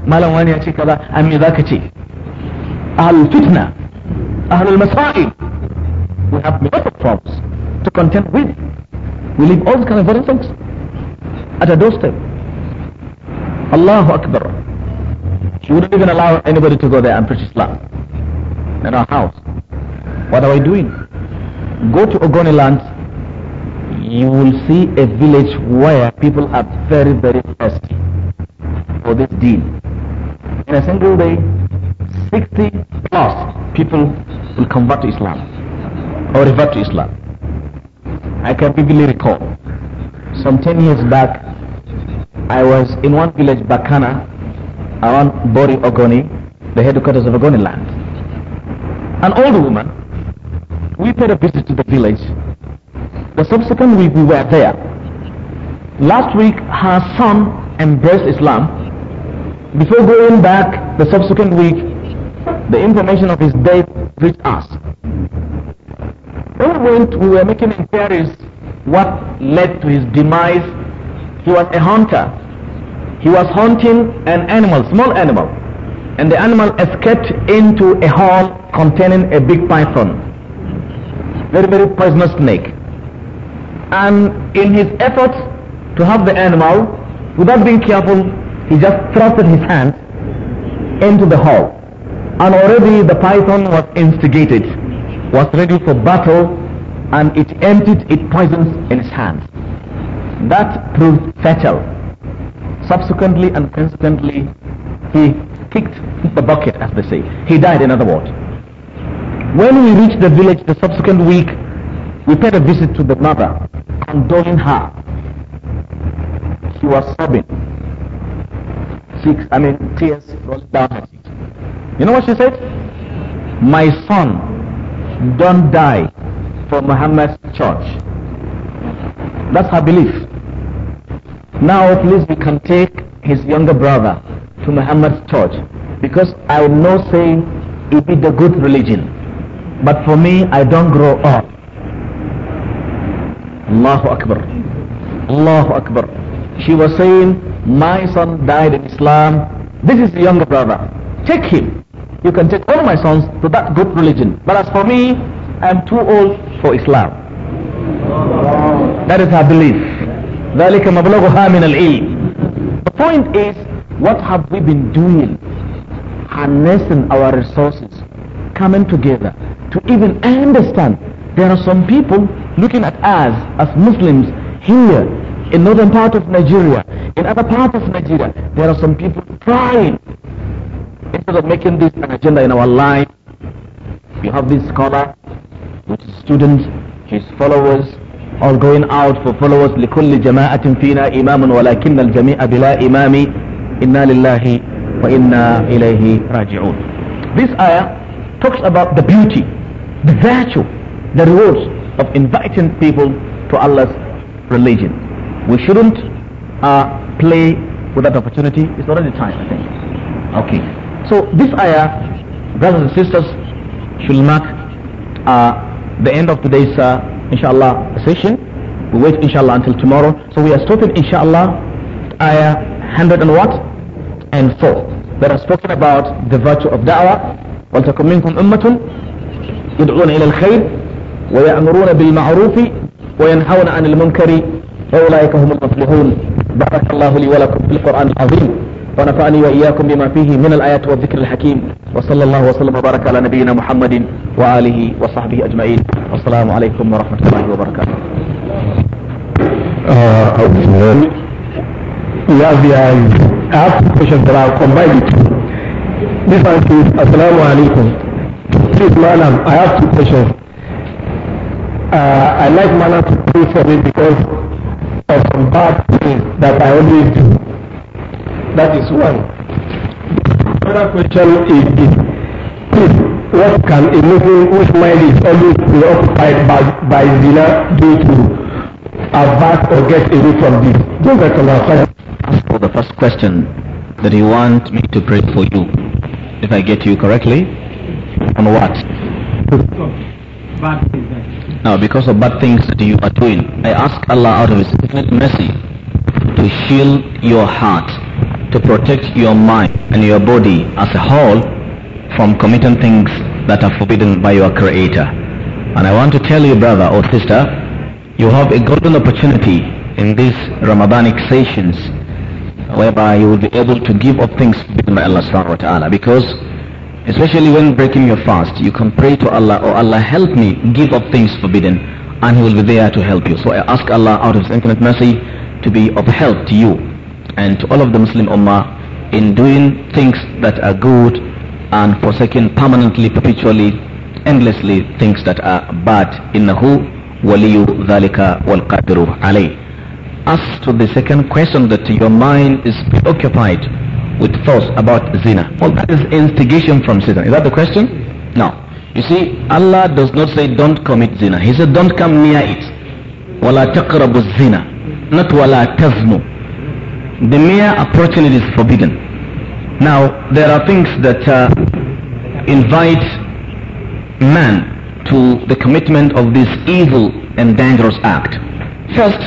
Malam wani ya ce kaza, an me zaka ce? Ahlul fitna, ahlul masa'il. We have many problems to contend with. We leave all these kind of other things at a doorstep. Allahu Akbar. She wouldn't even allow anybody to go there and preach Islam in our house. What are we doing? Go to Ogoni land, you will see a village where people are very, very thirsty for this deal. In a single day, 60 plus people will convert to Islam or revert to Islam. I can vividly recall. Some 10 years back, I was in one village, Bakana, around Bori Ogoni, the headquarters of Ogoni land. An old woman, we paid a visit to the village. The subsequent week we were there. Last week her son embraced Islam. Before going back the subsequent week, the information of his death reached us. When we went, we were making inquiries what led to his demise. He was a hunter. He was hunting an animal, small animal. And the animal escaped into a hole containing a big python. Very, very poisonous snake. And in his efforts to have the animal, without being careful, he just thrusted his hand into the hole. And already the python was instigated was ready for battle and it emptied its poisons in his hands. That proved fatal. Subsequently and consequently, he kicked the bucket, as they say. He died, in other words. When we reached the village the subsequent week, we paid a visit to the mother, condoling her. She was sobbing. Six, I mean, tears rolled down her cheeks. You know what she said? My son, don't die for Muhammad's church. That's her belief. Now, please, we can take his younger brother to Muhammad's church because I know saying it is the good religion. But for me, I don't grow up. Allahu Akbar. Allahu Akbar. She was saying, my son died in Islam. This is the younger brother. Take him you can take all my sons to that good religion. But as for me, I'm too old for Islam. That is her belief. The point is, what have we been doing? Harnessing our resources, coming together to even understand. There are some people looking at us as Muslims here in northern part of Nigeria, in other parts of Nigeria. There are some people trying Instead of making this an agenda in our life, we have this scholar which his students, his followers, all going out for followers. لكل جماعة فينا إمام ولكن الجميع بلا إمام إنا لله وإنا إليه راجعون. This ayah talks about the beauty, the virtue, the rewards of inviting people to Allah's religion. We shouldn't uh, play with that opportunity. It's already time, I think. Okay. So this ayah, brothers and sisters, should mark uh, the end of today's, uh, inshallah, session. We wait, inshallah, until tomorrow. So we are stopping, inshallah, ayah 100 and what? And 4. That has spoken about the virtue of da'wah. وَلْتَكُمْ مِنْكُمْ أُمَّةٌ يدعون إلى الخير ويأمرون بالمعروف وينهون عن المنكر وأولئك هم المفلحون بارك الله لي ولكم في القرآن العظيم ونفعني وإياكم بما فيه من الآيات والذكر الحكيم وصلى الله وسلم وبارك على نبينا محمد وآله وصحبه أجمعين والسلام عليكم ورحمة الله وبركاته آه، السلام عليكم I have two questions. Uh, I like madam to pray for me because of some bad things that I always do. That is one. Another question is, is what can a Muslim whose mind is always preoccupied by, by zina do to avert or get away from this? Ask for the first question, that you want me to pray for you, if I get you correctly, on what? Now, because of bad things that you are doing, I ask Allah out of His infinite mercy to shield your heart to protect your mind and your body as a whole from committing things that are forbidden by your creator. And I want to tell you brother or sister, you have a golden opportunity in these Ramadanic sessions whereby you will be able to give up things forbidden by Allah subhanahu wa ta'ala because especially when breaking your fast you can pray to Allah or oh Allah help me give up things forbidden and he will be there to help you so I ask Allah out of his infinite mercy to be of help to you and to all of the Muslim Ummah in doing things that are good and forsaking permanently, perpetually, endlessly things that are bad. Innahu waliyu dhalika wal qadiru alayh. As to the second question that your mind is preoccupied with thoughts about zina. Well, that is instigation from Satan. Is that the question? No. You see, Allah does not say don't commit zina. He said don't come near it. وَلَا تَقْرَبُ zina. Not وَلَا تَزْنُوا the mere approaching it is forbidden. Now, there are things that uh, invite man to the commitment of this evil and dangerous act. First,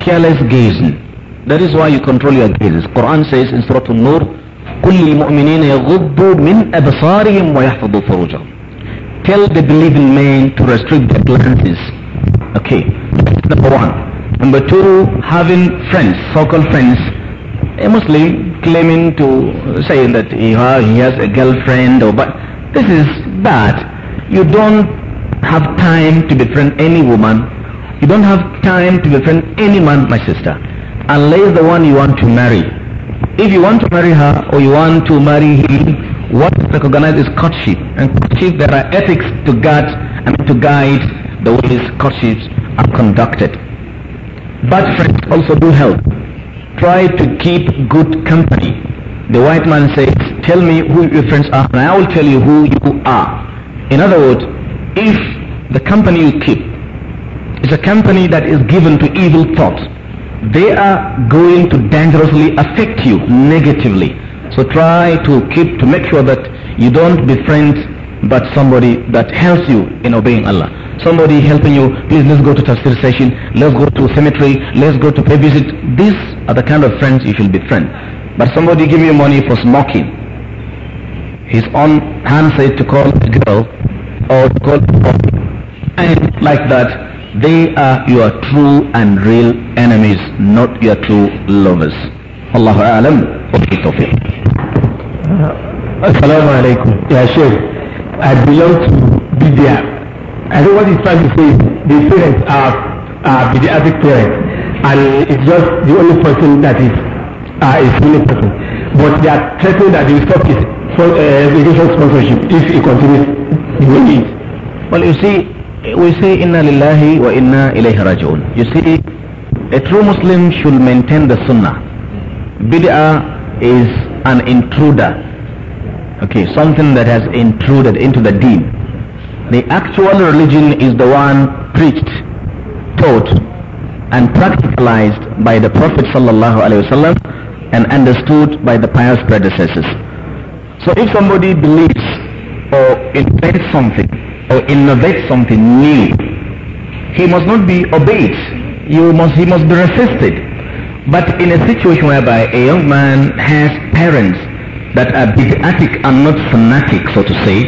careless gazing. That is why you control your gazes. Quran says in Surah al-Nur, nur كل المؤمنين يغضوا من أبصارهم ويحفظوا فروجهم. Tell the believing men to restrict their glances. Okay, number one. Number two, having friends, so-called friends, a Muslim claiming to say that he has a girlfriend or but this is bad. You don't have time to befriend any woman. You don't have time to befriend any man, my sister, unless the one you want to marry. If you want to marry her or you want to marry him, what is recognized is courtship. And courtship, there are ethics to guard and to guide the ways courtships are conducted. Bad friends also do help try to keep good company. The white man says, tell me who your friends are and I will tell you who you are. In other words, if the company you keep is a company that is given to evil thoughts, they are going to dangerously affect you negatively. So try to keep, to make sure that you don't befriend but somebody that helps you in obeying Allah somebody helping you, please let's go to Tafsir session, let's go to cemetery, let's go to pay visit. These are the kind of friends you should befriend. But somebody give you money for smoking. His own hand said to call a girl or to call and like that. They are your true and real enemies, not your true lovers. Allahu Alam, okay, Tawfiq. Assalamu alaikum. Yeah, Sheikh. I belong to Bidya. I think what he's trying to say is the parents are uh, pediatric parents, and it's just the only person that is uh, is person. But they are threatening that they will stop his for, uh, education sponsorship if he continues the way he is. Well, you see, we say inna lillahi wa inna ilayhi raji'un. You see, a true Muslim should maintain the sunnah. Bid'ah is an intruder. Okay, something that has intruded into the deen. The actual religion is the one preached, taught, and practicalized by the Prophet ﷺ and understood by the pious predecessors. So if somebody believes or invents something or innovates something new, he must not be obeyed. You must, he must be resisted. But in a situation whereby a young man has parents that are bid'atic and not fanatic, so to say,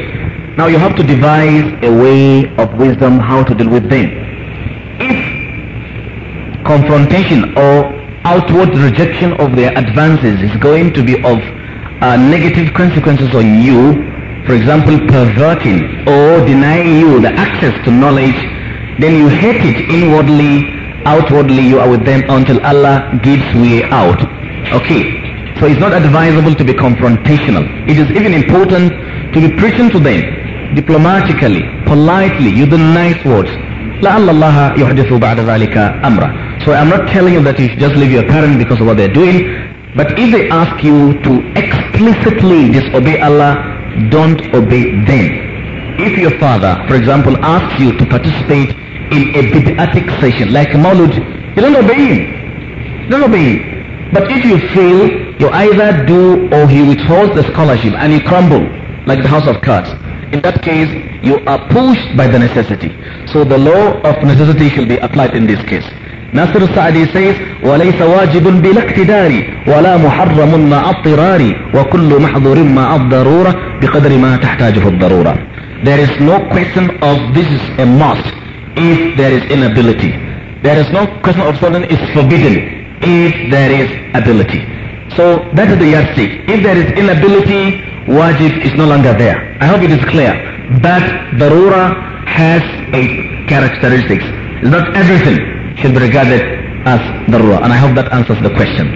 now you have to devise a way of wisdom how to deal with them. If confrontation or outward rejection of their advances is going to be of uh, negative consequences on you, for example, perverting or denying you the access to knowledge, then you hate it inwardly, outwardly you are with them until Allah gives way out. Okay. So it's not advisable to be confrontational. It is even important to be preaching to them diplomatically, politely, using nice words. So I'm not telling you that you should just leave your parents because of what they're doing. But if they ask you to explicitly disobey Allah, don't obey them. If your father, for example, asks you to participate in a bid'atic session like Maulud, you don't obey him. You don't obey him. But if you fail, you either do or he withholds the scholarship and you crumble like the house of cards in that case, you are pushed by the necessity. So the law of necessity shall be applied in this case. Nasr Sa'di says, وَلَيْسَ وَاجِبٌ بِلَا وَلَا مُحَرَّمٌ مَا اضْطِرَارِ وَكُلُّ مَحْضُرٍ مَا الضَّرُورَةِ بِقَدْرِ مَا تَحْتَاجُهُ الضَّرُورَةِ There is no question of this is a must if there is inability. There is no question of something is forbidden if there is ability. So that is the yardstick. If there is inability, wajib is no longer there. I hope it is clear. But darura has a characteristics. Not everything should be regarded as darura. And I hope that answers the question.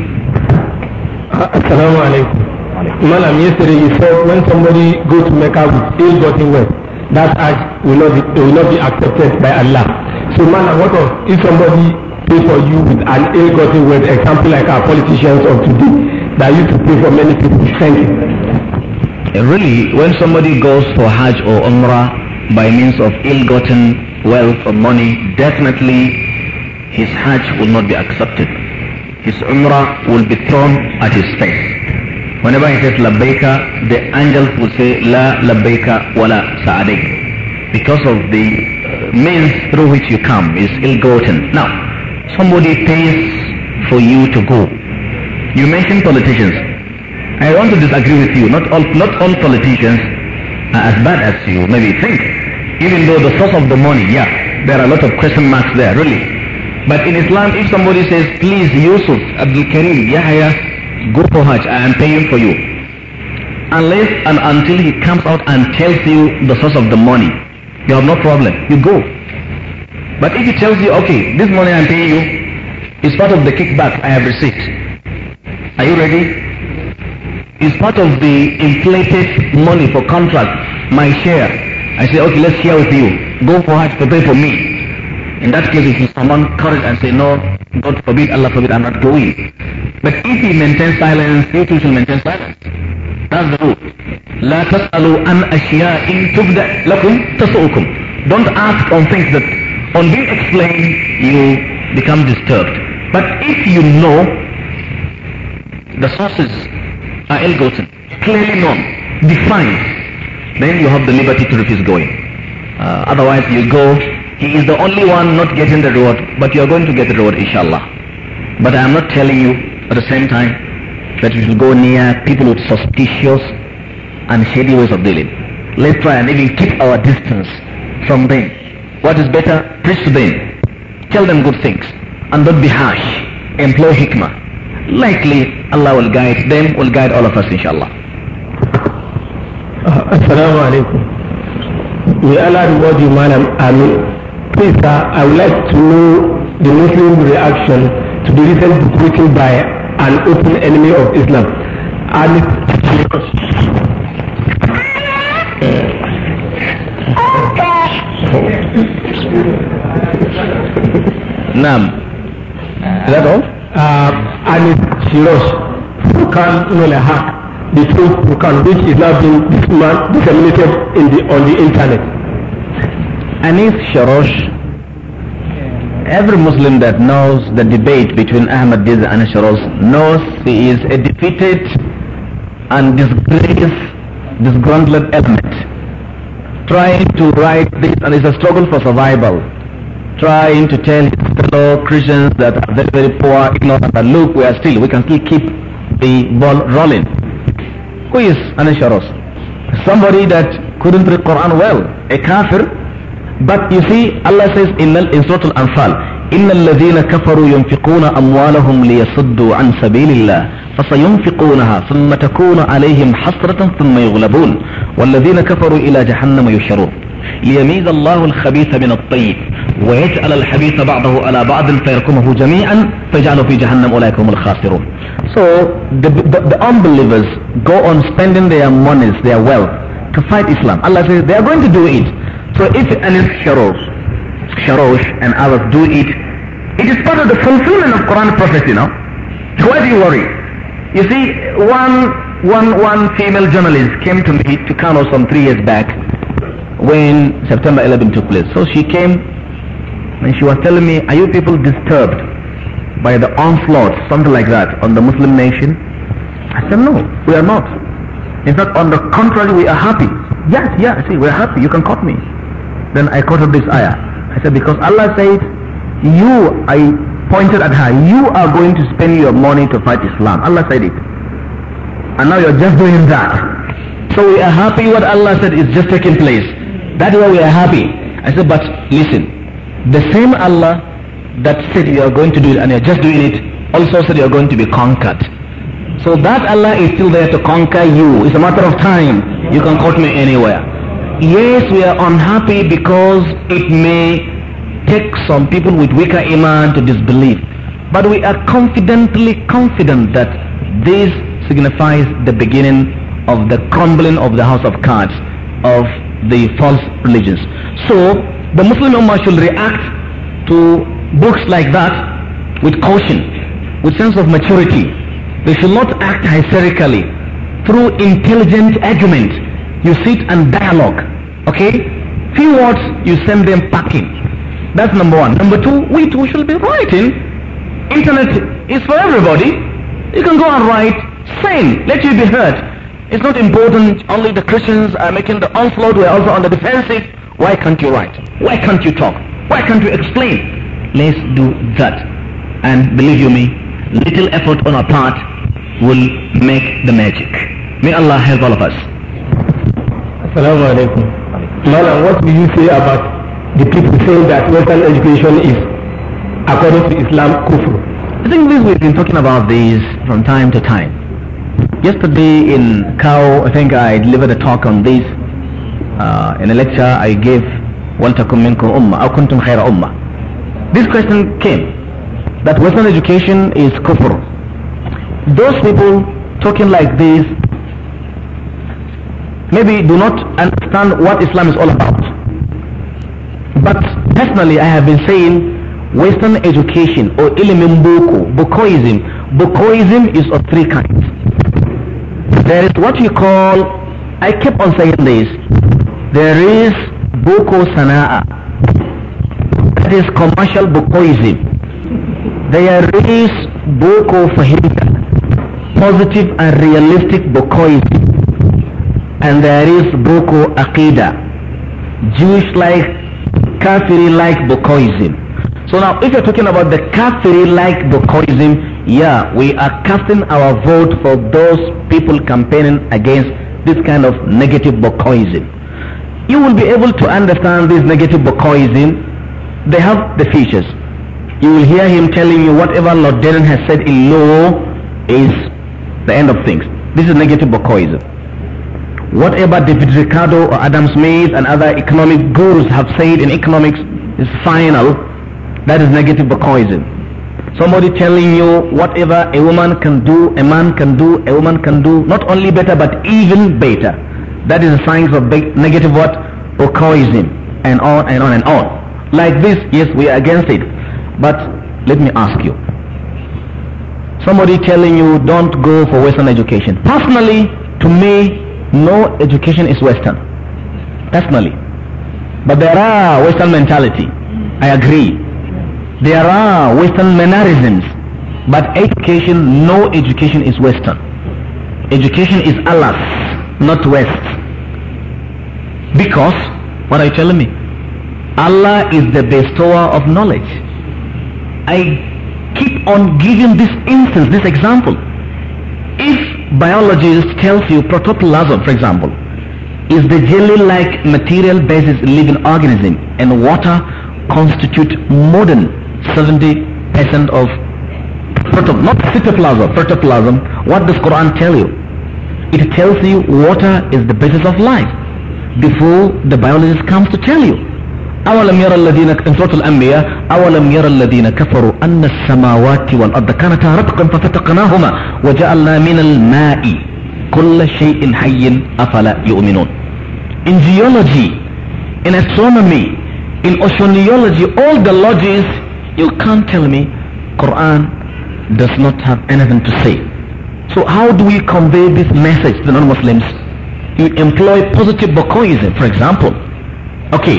Uh, Assalamu alaikum. Madam, yesterday you said when somebody goes to Mecca with ill-gotten wealth, that act will not, be, will not be accepted by Allah. So madam, what of if somebody pay for you with an ill-gotten wealth, example like our politicians of today, that used to pay for many people, thank you really, when somebody goes for Hajj or Umrah by means of ill-gotten wealth or money, definitely his Hajj will not be accepted. His Umrah will be thrown at his face. Whenever he says Labbaika, the angels will say La Labbaika Wala Sa'adik. Because of the uh, means through which you come is ill-gotten. Now, somebody pays for you to go. You mentioned politicians. I want to disagree with you. Not all, not all politicians are as bad as you maybe think. Even though the source of the money, yeah, there are a lot of question marks there, really. But in Islam, if somebody says, please, Yusuf, Abdul Karim, Yahya, go for Hajj, I am paying for you. Unless and until he comes out and tells you the source of the money, you have no problem. You go. But if he tells you, okay, this money I'm paying you is part of the kickback I have received. Are you ready? It's part of the inflated money for contract, my share. I say, okay, let's share with you. Go for Hajj, prepare for me. In that case, if someone courage and say, no, God forbid, Allah forbid, I'm not going. But if he maintains silence, you too shall maintain silence. That's the rule. لا تسألوا أن أشياء تبدأ لكم تسؤكم. Don't ask on things that, on being explained, you become disturbed. But if you know the sources are ill-gotten, clearly known, defined, then you have the liberty to refuse going. Uh, otherwise you go, he is the only one not getting the reward, but you are going to get the reward inshallah. But I am not telling you at the same time that you should go near people with suspicious and shady ways of dealing. Let's try and even keep our distance from them. What is better? Preach to them. Tell them good things. And don't be harsh. Employ hikmah likely Allah will guide them, will guide all of us inshallah. Uh, Assalamu alaikum. May Allah reward you, madam. Um, please, sir, I would like to know the Muslim reaction to the recent book by an open enemy of Islam. And Nam. Is that all? uh, and it's Shirosh, Furkan Nolahak, the who can which is now being disseminated in the, on the internet. Anis Sharosh, every Muslim that knows the debate between Ahmad Diza and Sharosh knows he is a defeated and disgraced, disgruntled element trying to write this and it's a struggle for survival trying to tell his fellow Christians that are very, very poor, ignorant, that look, we are still, we can still keep the ball rolling. Who is Anisharos? Somebody that couldn't read Quran well, a kafir. But you see, Allah says in, in Surah Al-Anfal, إن الذين كفروا ينفقون أموالهم ليصدوا عن سبيل الله فسينفقونها ثم تكون عليهم حسرة ثم يغلبون والذين كفروا إلى جهنم يشرون ليميز الله الخبيث من الطيب ويجعل الحبيث بعضه على بعض فيركمه جميعا فيجعله في جهنم أولئك هم الخاسرون So the, the, the unbelievers go on spending their monies, their wealth to fight Islam. Allah says they are going to do it. So if Alif Sharosh, Sharosh and others do it, it is part of the fulfillment of Quran prophecy now. So why do you worry? You see, one, one, one female journalist came to me to Kano some three years back when September 11 took place. So she came and she was telling me, are you people disturbed by the onslaught, something like that, on the Muslim nation? I said, no, we are not. In fact, on the contrary, we are happy. Yes, yes, see, we're happy. You can cut me. Then I up this ayah. I said, because Allah said, you, I pointed at her, you are going to spend your money to fight Islam. Allah said it. And now you're just doing that. So we are happy what Allah said is just taking place. That is why we are happy. I said, but listen, the same Allah that said you are going to do it and you're just doing it also said you're going to be conquered. So that Allah is still there to conquer you. It's a matter of time. You can quote me anywhere. Yes, we are unhappy because it may take some people with weaker iman to disbelieve. But we are confidently confident that this signifies the beginning of the crumbling of the house of cards of the false religions. So the Muslim Ummah should react to books like that with caution, with sense of maturity. They should not act hysterically through intelligent argument. You sit and dialogue. Okay? Few words, you send them packing. That's number one. Number two, we too should be writing. Internet is for everybody. You can go and write, Say, let you be heard. It's not important only the Christians are making the onslaught, we're also on the defensive. Why can't you write? Why can't you talk? Why can't you explain? Let's do that. And believe you me, little effort on our part will make the magic. May Allah help all of us. Assalamu alaikum. Mala, what do you say about the people saying that Western education is, according to Islam, kufr? I think we've been talking about this from time to time. Yesterday in Kao, I think I delivered a talk on this. Uh, in a lecture I gave, وَلْتَكُمْ مِنْكُمْ أُمَّةً أَوْ كُنْتُمْ خَيْرَ أُمَّةً This question came, that Western education is kufr. Those people talking like this, maybe do not understand what Islam is all about. But personally, I have been saying Western education or Ilimin Boko, Bokoism, Bokoism is of three kinds there is what you call, I keep on saying this, there is buko sana'a, that is commercial bukoism. There is buko Fahita, positive and realistic bukoism. And there is buko aqidah, Jewish-like, kafiri-like bukoism. So now if you're talking about the kafiri-like bukoism, yeah, we are casting our vote for those people campaigning against this kind of negative Bokoism. You will be able to understand this negative Bokoism. They have the features. You will hear him telling you whatever Lord Denon has said in law is the end of things. This is negative Bokoism. Whatever David Ricardo or Adam Smith and other economic gurus have said in economics is final. That is negative Bokoism. Somebody telling you whatever a woman can do, a man can do, a woman can do, not only better but even better. That is a sign of negative what? Okaism and on and on and on. Like this, yes, we are against it. But let me ask you. Somebody telling you don't go for Western education. Personally, to me, no education is Western. Personally. But there are Western mentality. I agree. There are Western mannerisms, but education, no education is Western. Education is Allah's, not West. Because, what are you telling me? Allah is the bestower of knowledge. I keep on giving this instance, this example. If biologist tells you protoplasm, for example, is the jelly-like material basis living organism and water constitute modern 70% of protoplasm, not cytoplasm, protoplasm. What does Quran tell you? It tells you water is the basis of life before the biologist comes to tell you. أولم يرى الذين in سورة الأنبياء أولم يرى الذين كفروا أن السماوات والأرض كانتا رتقا ففتقناهما وجعلنا من الماء كل شيء حي أفلا يؤمنون In geology, in astronomy, in oceanology, all the lodges you can't tell me Quran does not have anything to say. So how do we convey this message to non-Muslims? You employ positive Bokoism, for example. Okay,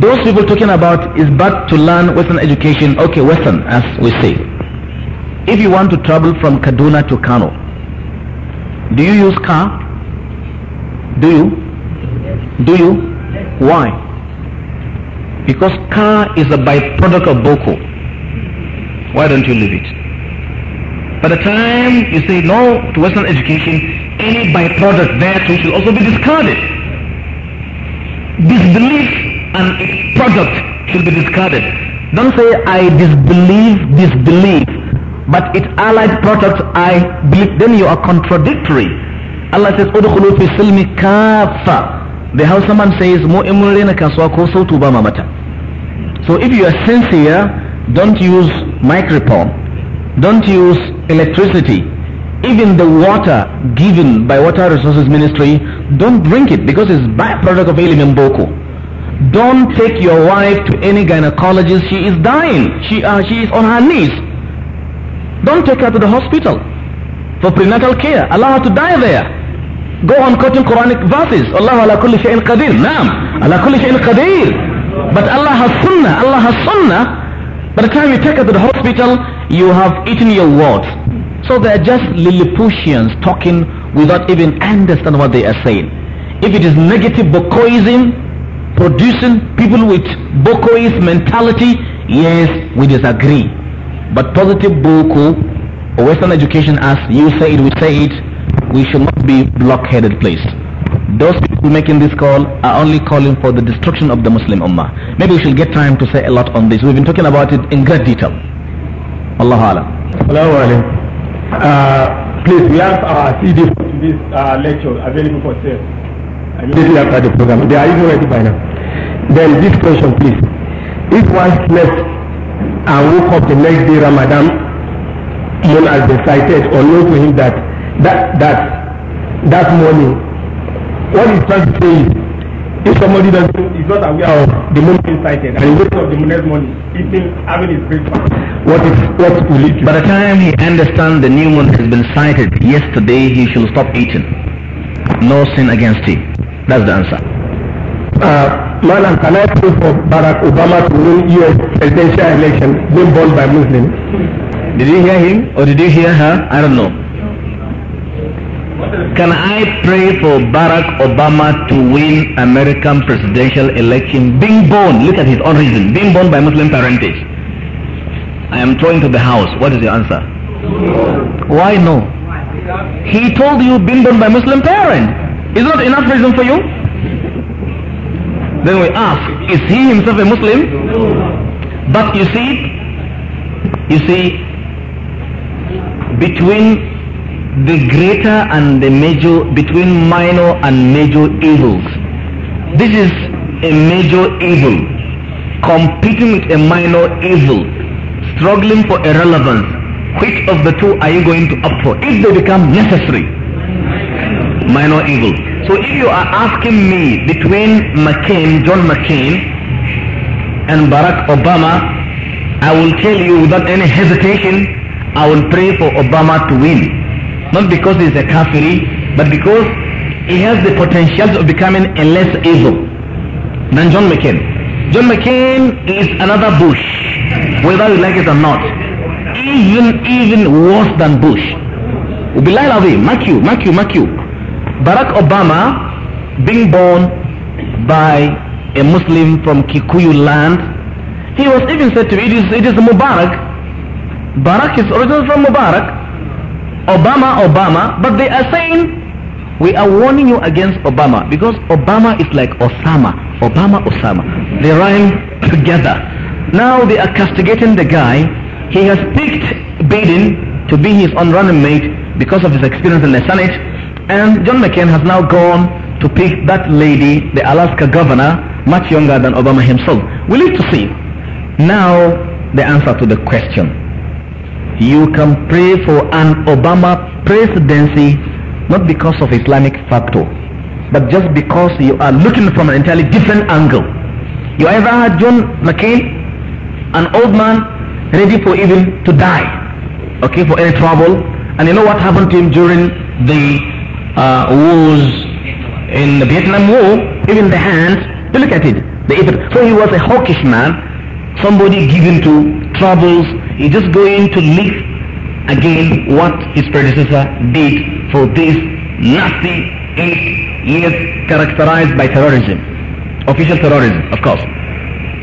those people talking about is bad to learn Western education, okay, Western, as we say. If you want to travel from Kaduna to Kano, do you use car? Do you? Do you? Why? Because car is a byproduct of Boko. Why don't you leave it? By the time you say no to Western education, any byproduct there too should also be discarded. Disbelief and its product should be discarded. Don't say I disbelieve, disbelieve, but its allied products I believe. Then you are contradictory. Allah says, the Hausa man says mu in mun rena kasuwa ko sautu ba mata so if you are sincere don't use microphone don't use electricity even the water given by water resources ministry don't drink it because it's byproduct of alien boko don't take your wife to any gynecologist she is dying she, uh, she is on her knees don't take her to the hospital for prenatal care allow her to die there Go on quoting Quranic verses. Allah ala kulli shayin qadir. Naam. Ala kulli shayin qadir. But Allah has sunnah. Allah has sunnah. By the time you take her to the hospital, you have eaten your words. So they are just Lilliputians talking without even understanding what they are saying. If it is negative Bokoism, producing people with Bokoist mentality, yes, we disagree. But positive Boko, Western education as you say it, we say it, we should not be blockheaded please. Those people making this call are only calling for the destruction of the Muslim Ummah. Maybe we should get time to say a lot on this. We've been talking about it in great detail. Allahu Alam. Allahu Alam. Uh, please, we have our CD for this uh, lecture available for sale. is after the program. They are even ready by now. Then this question, please. If one slept and woke up the next day Ramadan, known as the sighted, or known to him that that that that money. What he's trying to say is, if somebody doesn't is not aware of the moment incited and he wakes up the next morning eating having his breakfast, what is what will it? By the time he understands the new moon has been sighted yesterday, he should stop eating. No sin against him. That's the answer. Uh, can I pray for Barack Obama to win U.S. presidential election being born by Muslims? Did you hear him or did you hear her? I don't know. Can I pray for Barack Obama to win American presidential election being born, look at his own reason, being born by Muslim parentage? I am throwing to the house. What is your answer? Why no? He told you being born by Muslim parent. Is not enough reason for you? Then we ask, is he himself a Muslim? But you see, you see, between the greater and the major between minor and major evils. This is a major evil, competing with a minor evil, struggling for irrelevance. Which of the two are you going to opt for if they become necessary? Minor evil. So if you are asking me between McCain, John McCain, and Barack Obama, I will tell you without any hesitation, I will pray for Obama to win. Not because he's a kafiri, but because he has the potential of becoming a less evil than John McCain. John McCain is another Bush, whether you like it or not. Even, even worse than Bush. Bilal Avi, mark you, mark you, mark you. Barack Obama being born by a Muslim from Kikuyu land, he was even said to me, it is, it is Mubarak. Barack is originally from Mubarak. Obama, Obama, but they are saying, we are warning you against Obama because Obama is like Osama. Obama, Osama. They rhyme together. Now they are castigating the guy. He has picked Biden to be his own running mate because of his experience in the Senate. And John McCain has now gone to pick that lady, the Alaska governor, much younger than Obama himself. We live to see. Now the answer to the question you can pray for an Obama presidency not because of Islamic factor, but just because you are looking from an entirely different angle. You ever had John McCain, an old man, ready for even to die, okay, for any trouble, and you know what happened to him during the uh, wars in the Vietnam War, even the hands, you look at it, the So he was a hawkish man, somebody given to troubles He's just going to live again what his predecessor did for this nasty eight years characterized by terrorism, official terrorism, of course.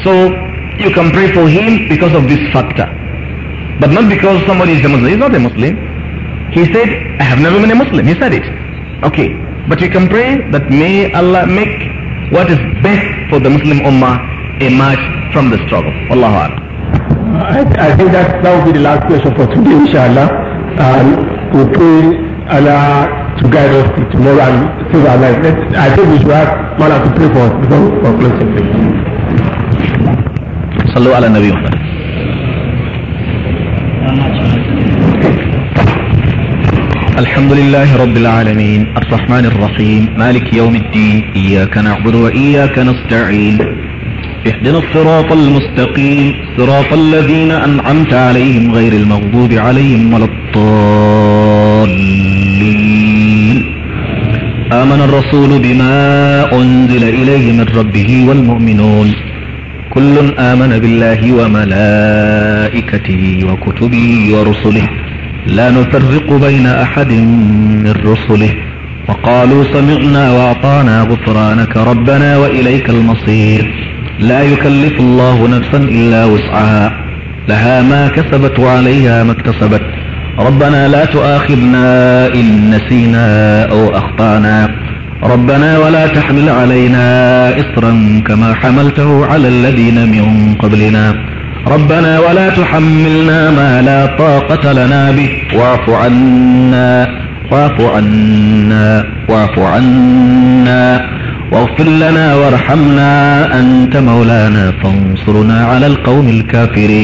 So you can pray for him because of this factor, but not because somebody is a Muslim. He's not a Muslim. He said, I have never been a Muslim. He said it. Okay, but you can pray that may Allah make what is best for the Muslim Ummah emerge from the struggle. Allahu Akbar. I, I think that that will be the last question for today, inshallah. And we pray Allah to guide us to tomorrow and save our life. I think we should ask Mala to pray for us before we close the صلوا على النبي محمد الحمد لله رب العالمين الرحمن الرحيم مالك يوم الدين إياك نعبد وإياك نستعين اهدنا الصراط المستقيم صراط الذين أنعمت عليهم غير المغضوب عليهم ولا الضالين آمن الرسول بما أنزل إليه من ربه والمؤمنون كل آمن بالله وملائكته وكتبه ورسله لا نفرق بين أحد من رسله وقالوا سمعنا وأعطانا غفرانك ربنا وإليك المصير لا يكلف الله نفسا إلا وسعها لها ما كسبت وعليها ما اكتسبت ربنا لا تؤاخذنا إن نسينا أو أخطأنا ربنا ولا تحمل علينا إصرا كما حملته على الذين من قبلنا ربنا ولا تحملنا ما لا طاقة لنا به واعف عنا واعف عنا واعف عنا واغفر لنا وارحمنا أنت مولانا فانصرنا على القوم الكافرين